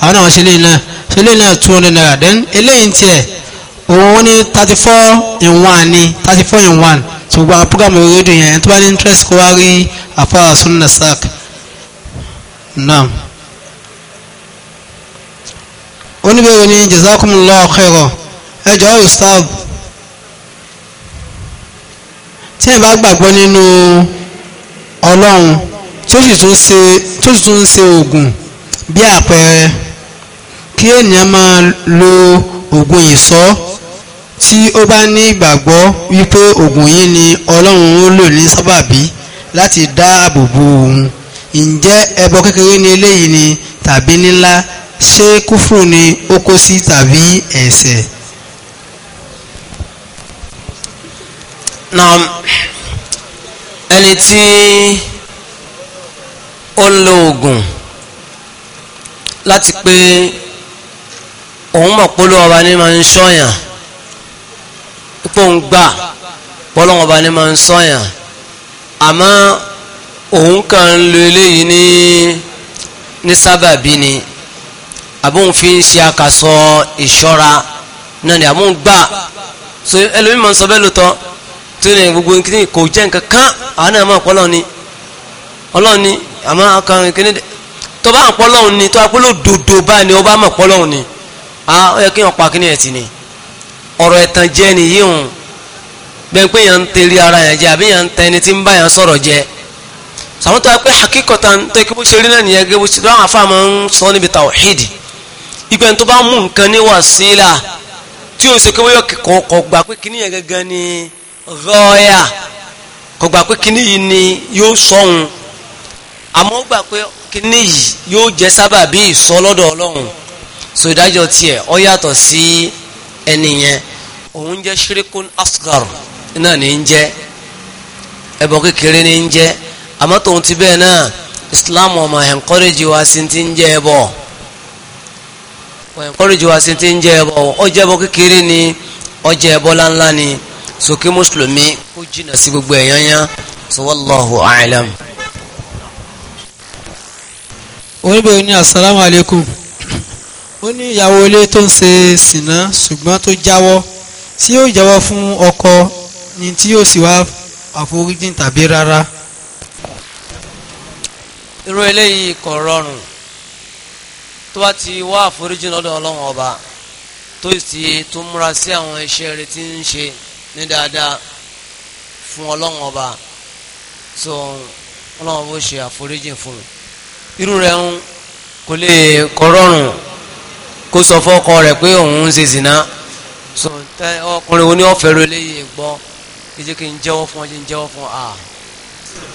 àwọn náà wọ́n ṣe eléyìí náà ṣe eléyìí náà two hundred naira then eléyìí tiẹ̀ òun ní thirty four in one ni thirty four in one so gba program rédíò yẹn ẹni tó bá ní interest kó wá rí àfáà sunna sack naam oníbẹ̀rẹ̀ ni jazakumullahu khairan ẹ jọ̀ọ́ ustaz tí ẹ bá gbàgbọ́ nínú. No, ọlọ́run tí ó sì tún ṣe tí ó sì ṣe oògùn bí àpẹẹrẹ kí ènìyàn máa lo oògùn ìsọ́ tí ó bá ní ìgbàgbọ́ wípé oògùn yìí ni ọlọ́run ó lò ní sábàbí láti dáàbò bo òun ǹjẹ́ ẹbọ kékeré ni eléyìí ni tàbí nílá ṣé kúfùrù ni ó kó sí tàbí ẹ̀ṣẹ̀ ẹni tí ó ń lo oògùn láti pé òun mọ̀ pé olóhùn ọba ní máa ń ṣọ́yàn pípọ̀ ń gbà pọ́lọ́hùn ọba ní máa ń ṣọ́yàn àmọ́ òun kàn ń lo eléyìí ní ní sábàbí ni àbóhùn fi ń ṣe àkàsọ ìṣọ́ra náà ni àbóhùn gbà ẹlòmíràn sọ bẹ́ẹ̀ lóòótọ́ tó ní gbogbo nkíní kò jẹ́ nǹkan kan àwọn náà máa pọ́lọ́ ni ọlọ́run ni àmọ́ kan kíní tó bá pọ́lọ́ ni tó bá pọ́lọ́ dodo báyìí ni ọba máa pọ́lọ́ ni ó yẹ kí wọ́n pa kíní ẹ̀ tì ní ọ̀rọ̀ ẹ̀tàn jẹ́ nìyí hùn bẹ́ẹ̀ pé yàn ń tẹ̀lé ara yàn jẹ́ àbí yàn ń tẹ ẹni tí ń bá yàn sọ̀rọ̀ jẹ́ sàmú tó yẹ pé hakikọta tó rọ́ọ̀yà kò gbà pé kíní yìí ni yóò sọ̀hun àmọ́ ó gbà pé kíní yìí yóò jẹ́ sábà bí ìsọ lọ́dọ̀ ọlọ́run so ìdájọ́ tiẹ̀ ọ yàtọ̀ sí ẹni yẹn òun jẹ́ shirikun asgar náà ní ń jẹ́ ẹbọ kékeré ní ń jẹ́ àmọ́ tòun ti bẹ́ẹ̀ náà islam ọmọ encourage wa sí ti ń jẹ́ ẹbọ encourage wa sí ti ń jẹ́ ẹbọ ọjẹ́ ẹbọ kékeré ni ọjẹ́ ẹbọ láńlá ni so kí mùsùlùmí kó jìnnà sí gbogbo ẹ̀yán yán so wallahu a'lam. oníbẹ̀rẹ̀ ní asalaamu alaykum ó ní ìyàwó ilé tó ń ṣe ṣìnà ṣùgbọ́n tó jáwọ́ tí yóò jáwọ́ fún ọkọ ni tí yóò sì wá àforíjìn tàbí rárá. irú eléyìí kò rọrùn tó bá ti wá àforíjìn lọ́dọ̀ ọlọ́run ọba tó sì tún múra sí àwọn iṣẹ́ rẹ̀ tí ń ṣe ní dáadáa fún ọlọ́run ọba so ọlọ́run ọba ó ṣe àforíjì fún un irú rẹ̀ ń kò lè kọ́rọ́rùn kó sọ fọ́kọ rẹ̀ pé òun ń ṣe zìnà so ọkùnrin oní ọ̀fẹ́ rẹ léyìí gbọ́ ìjẹ́ kí n jẹ́wọ́ fún ọ jẹ́ n jẹ́wọ́ fún ọ ah.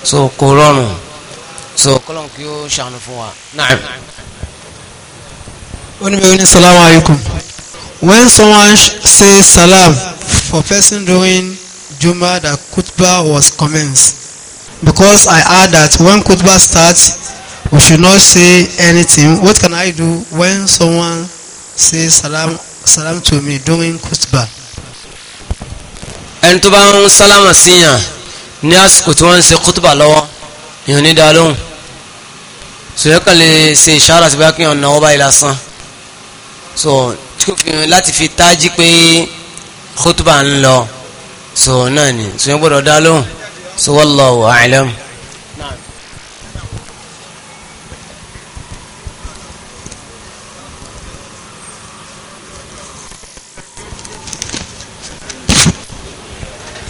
so kò rọrùn so kọ́lọ́n kí ó ṣàánú fún wa náà. onímọ̀ oní sàlámù alaykum. When someone says salam for person doing Juma, the khutbah was commenced. Because I add that when khutbah starts, we should not say anything. What can I do when someone says salam, salam to me during khutbah? ẹni tó bá ń sálámà síyàn ní àsìkò tí wọ́n ń ṣe kútùbà lọ́wọ́ èèyàn ní dá lóhùn sòyẹ́ kan lè ṣe ìṣára sí bá kí èèyàn náwó báyìí lásán so tí ó fi hàn láti fi tájí pé khutba ń lọ so náà ni so yẹn gbọ́dọ̀ dá lóhùn so wallahu a'lam.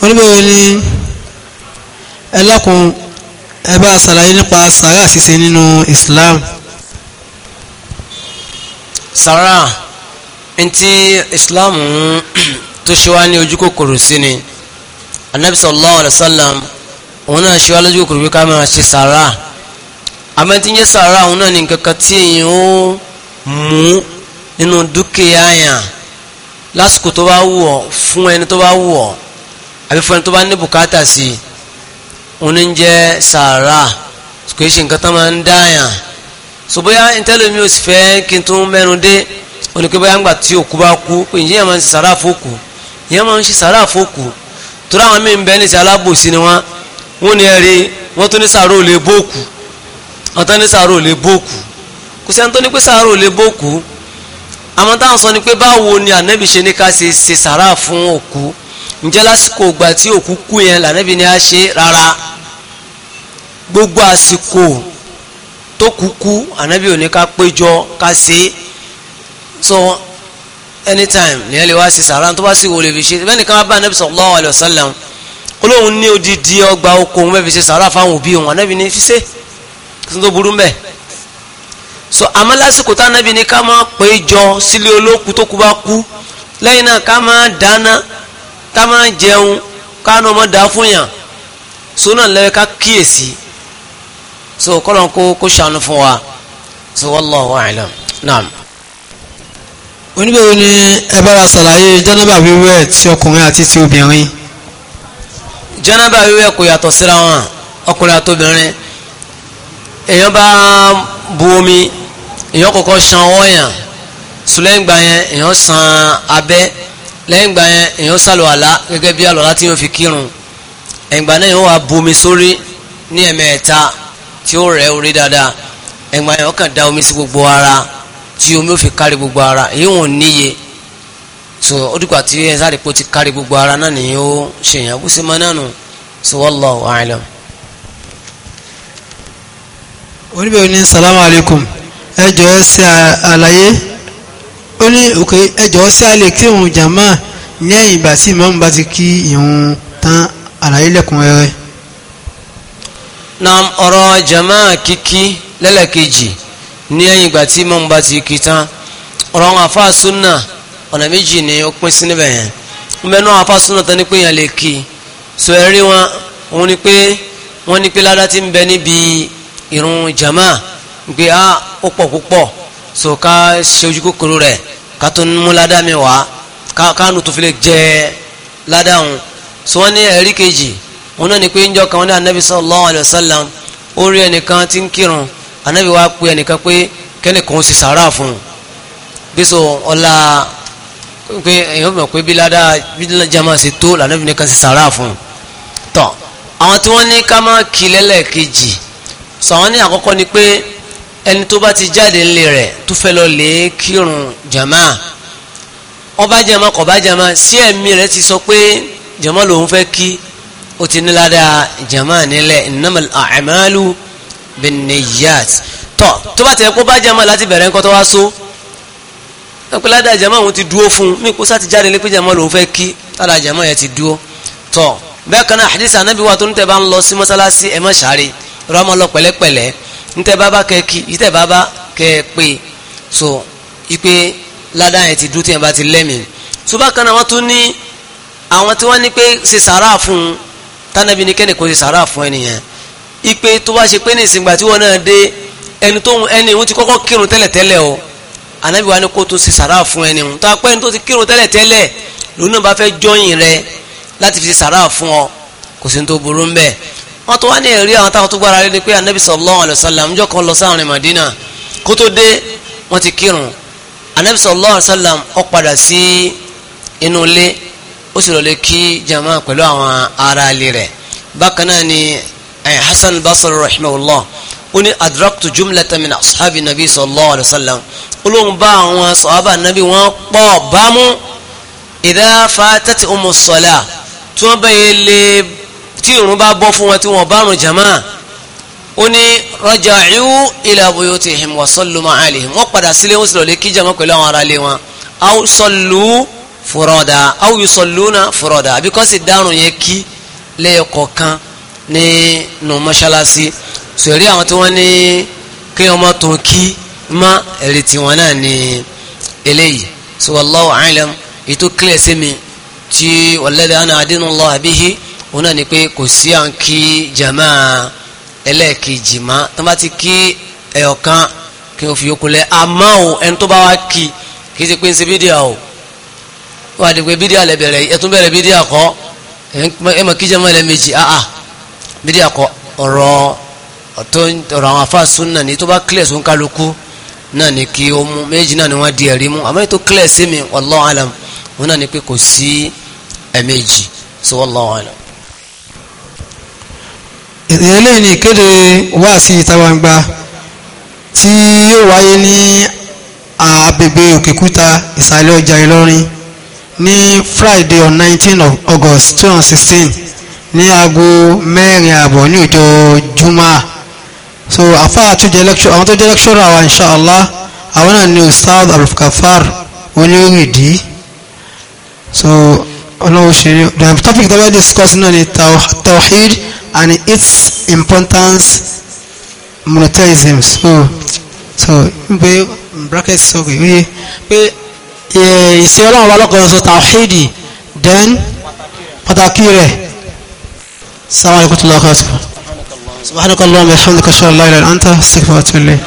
oníbẹ̀wò ni ẹlẹ́kùn ẹ bá ṣàlàyé nípa sàárà ṣíṣe nínú Islam. sàárà ntí islam <clears throat> tó ṣe wá ní ojú kòkòrò sí ni anabi sallallahu alayhi wa sallam òun náà ṣe wá lójú kòkòrò ká máa ṣe sàrà àmọ́ tí ń yẹ sàrà òun náà ní nǹkan kan tí èèyàn ó mú nínú dúkìá yàn lásìkò tó bá wù ọ́ fún ẹni tó bá wù ọ́ àbí fún ẹni tó bá ní bùkátà sí òun ní jẹ sàrà kò ṣe nǹkan tó máa ń dáyàn so bóyá ntẹ́lómi ò sì fẹ́ kí n tún mẹ́nu dé olùkọ́ bóyá ńgbà tí òkú bá kú pé ǹjẹ́ yẹn máa ń ṣe sàrà àfọ́kù yẹn máa ń ṣe sàrà àfọ́kù torí àwọn míì ń bẹ níṣẹ́ alábòsí ni wọ́n wọ́n ní ẹ̀rí wọ́n tún ní sàrò lè bóòkù wọ́n tún ní sàrò lè bóòkù kò sẹ́ni tó ní pé sàrò lè bóòkù àmọ́ táwọn sọ ni pé báwo ni ànábì ṣe ní ká ṣe ṣe sàrà fún òkú ǹjẹ́ lásìkò ìgbà tí òkú kú yẹn lànàbì ni a ṣe rárá gbogbo àsìkò tó kú kú ò ní ká péjọ ká ṣe é so anytime ní ẹ lè wá sí sàrà tó bá sì wò lè fi ṣe bẹ́ẹ̀ nìkan bá anabi sallallahu alayhi wa sallam olóhùn ní odidi ọgbà oko òun bẹ́ẹ̀ fi ṣe sàrà fáwọn òbí òun anabi ní fi kí n tó burú mbẹ́ so àmọ́ lásìkò tá anabi ní ká máa pè é jọ sílé olóku tó kú bá kú lẹ́yìn náà ká máa dáná ká máa jẹun ká náà máa dá fún yàn so náà lẹ́yìn ká kíyèsí so kọ́lọ́n kó kó ṣàánú fún wa so wallahu a'lam naam oníbẹ̀wò ni ẹ bára ṣàlàyé jẹ́nàbà wíwẹ̀ ti ọkùnrin àti ti obìnrin. jẹ́nàbà wíwẹ̀ kò yàtọ̀ síra wọn ọkùnrin àti obìnrin èèyàn bá bu omi èèyàn kọ́kọ́ ṣan ọwọ́ yàn so lẹ́yìn gbà yẹn èèyàn ṣan abẹ́ lẹ́yìn gbà yẹn èèyàn ṣàlùwàlá gẹ́gẹ́ bí àlùwàlá tí yóò fi kírun ẹ̀yìn náà yóò wá bu omi sórí ní ẹ̀mẹ̀ẹ̀ta tí ó rẹ̀ orí dáadáa ẹ̀yìn gbà kàn da omi sí gbogbo ara tí omi ó fi kárí gbogbo ara èyí wọn níye so ó dìgbà tí ẹ sáré pé ó ti kárí gbogbo ara náà nìyẹn ó ṣe bó ṣe máa náà nù so wallahu a'lam. oníbẹ̀rẹ̀ ní salamu alaykum ẹ jọ̀ọ́ ṣe àlàyé ó ní òkè ẹ jọ̀ọ́ ṣe àlè kí òun jàmá ní ẹ̀yìn ìgbà tí ìmọ̀ọ́mù bá ti kí ìhun tán àlàyé lẹ́kùnrẹ́rẹ́. na ọ̀rọ̀ jàmá kíkí lẹ́lẹ́kejì ní ẹ̀yìn ìgbà tí mọ́mú bá ti kì í tán ọ̀rọ̀ àwọn àfa ọ̀nà méjì ni ó pín sí níbẹ̀ yẹn mẹ́nu àwọn àfa súnà tán ni pé yẹn lè kì í sọ ẹ̀rí wọn òun ni pé wọ́n ní pé ládá ti ń bẹ níbi ìrun jama pé a ó pọ̀ púpọ̀ so ká ṣe ojú kòkòrò rẹ̀ ká tó mú ládá mi wá ká nù tó fi lè jẹ ládá òun so wọ́n ní ẹ̀rí kejì òun náà ni pé ń jọ kan wọ́n ní anabi sallallahu alayhi wa sallam ó rí ẹnìkan tí ń kírun anabi wa pe ẹnìkan pé kẹ́nìkan sì sàárà fún un bí so ọlá pé èèyàn mọ̀ pé bí ládàá bí jama ṣe tó lànàbì nìkan sì sàárà fún un tọ́ àwọn tí wọ́n ní ká má kí lẹ́lẹ́kejì sọ àwọn ní àkọ́kọ́ ni pé ẹni tó bá ti jáde ńlẹ̀ rẹ̀ tó fẹ́ lọ lè kírun jama ọba jama kọba jama sí ẹ̀mí rẹ̀ ti sọ pé jama lòun fẹ́ kí ó ti ní ládàá jama nílẹ̀ innamal a'malu binniyat tọ́ tó bá tẹ̀ kó bá jẹ́mọ́ láti bẹ̀rẹ̀ nǹkan tó wá só pé ládàá jẹ́mọ́ òun ti dúó fún un mí kó sáti jáde lé pé jẹ́mọ́ lòun fẹ́ kí ládàá jẹ́mọ́ yẹn ti dúó tọ́ bẹ́ẹ̀ kan náà hadith anabi wa tó ń tẹ̀ bá ń lọ sí mọ́sálásí ẹ̀ mọ́ sáré rọ́mọ́ lọ pẹ̀lẹ́pẹ̀lẹ́ ń tẹ̀ bá bá kẹ́ kí ń tẹ̀ bá bá kẹ́ pé so ipe ládàá yẹn ti dúó tẹ̀yìn bá ti lẹ́mìí so bákan náà wọ́n ipe tó bá ṣe pé ní ìsìngbà tí wọn náà dé ẹni tó ẹni ìhun ti kọ́kọ́ kírun tẹ́lẹ̀tẹ́lẹ̀ o ànábì wa ni kó tún ṣe sàrà fún ẹni ìhun tó apẹ́ ẹni tó ti kírun tẹ́lẹ̀tẹ́lẹ̀ lòun náà bá fẹ́ jọyìn rẹ láti fi ṣe sàrà fún ọ kò sí ní tó burú mbẹ wọn tó wá ní ẹ̀rí àwọn táwọn tó gbára rẹ ni pé ànábì sallallahu alaihi Madina kó tó dé wọn ti kírun ànábì sallallahu alaihi wasallam ó padà sí inú ilé ni ẹ̀ eh, hasan al-basri rahimahullah ó ní adraktu jumlata min ashabi nabi sallallahu alayhi wa sallam olóhùn bá àwọn sọ̀hábà nabi wọn pọ̀ bámú idha fatati umu sọ̀lá tí wọ́n bẹ̀yẹ lè tí ìrun bá bọ́ fún wọn tí wọ́n bá rùn jama'a ó ní raja'u ila buyutihim wa sallu ma'alihim wọ́n padà sílé wọ́n sì lọ kí jama'a pẹ̀lú àwọn ará ilé wọn aw sallu furada aw yusalluna furada àbíkọ́sì dárùn yẹn kí lẹ́yọ̀kọ̀ọ̀kan nínú mọ́ṣáláṣí sòrí àwọn tí wọ́n ní kí ọmọ tó kí má ẹ̀rí tiwọn náà ní eléyìí so wallahu a'lam èyí tó kílẹ̀ sí mi tí walladhi ana adinullahi bihi òun náà ni pé kò sí à ń kí jama ẹlẹ́ẹ̀kejì má tó bá ti kí ẹ̀ọ̀kan kí o fi yókù lẹ àmọ́ o ẹni tó bá wá kí kì ti pé ń bídíà o wọ́n á di pé bídíà lẹ ẹ̀tún bẹ̀rẹ̀ bídíà kọ́ ẹ̀ mọ̀ kí jama ẹlẹ́ẹ̀mejì áà bídí àkọ ọ̀rọ̀ ọ̀tọ̀ ọ̀rọ̀ àwọn afa sunna ni tó bá clear sun kálukú náà ni kí o mú méjì náà ni wọ́n di ẹ̀rí mú àmọ́ ètò clear sí mi wallahu alam wọn náà ni pé kò sí ẹ̀mẹ́jì sí wallahu alam. eléyìí ni ìkéde wáàsí ìta gbangba tí yóò wáyé ní agbègbè òkèkúta ìsàlẹ̀ ọjà ìlọrin ní friday on nineteen august two sixteen ní aago mẹ́rin àbọ̀ ní ọjọ́ juma so afa àtúnjẹ lecture àwọn tó jẹ́ lecturer wa inshallah àwọn náà ni ustaz abdulkafar onírìdí so ọlọ́run ṣe ní the topic that we are discussing náà ni tawhid and its importance monotheism so so n pe bracket sọ pé pé eh, ìṣe ọlọ́run wa lọ́kọ̀ọ́ sọ tawhid then pàtàkì rẹ̀. السلام عليكم ورحمه الله وبركاته سبحانك اللهم وبحمدك اشهد ان لا اله الا انت استغفرك واتوب اليك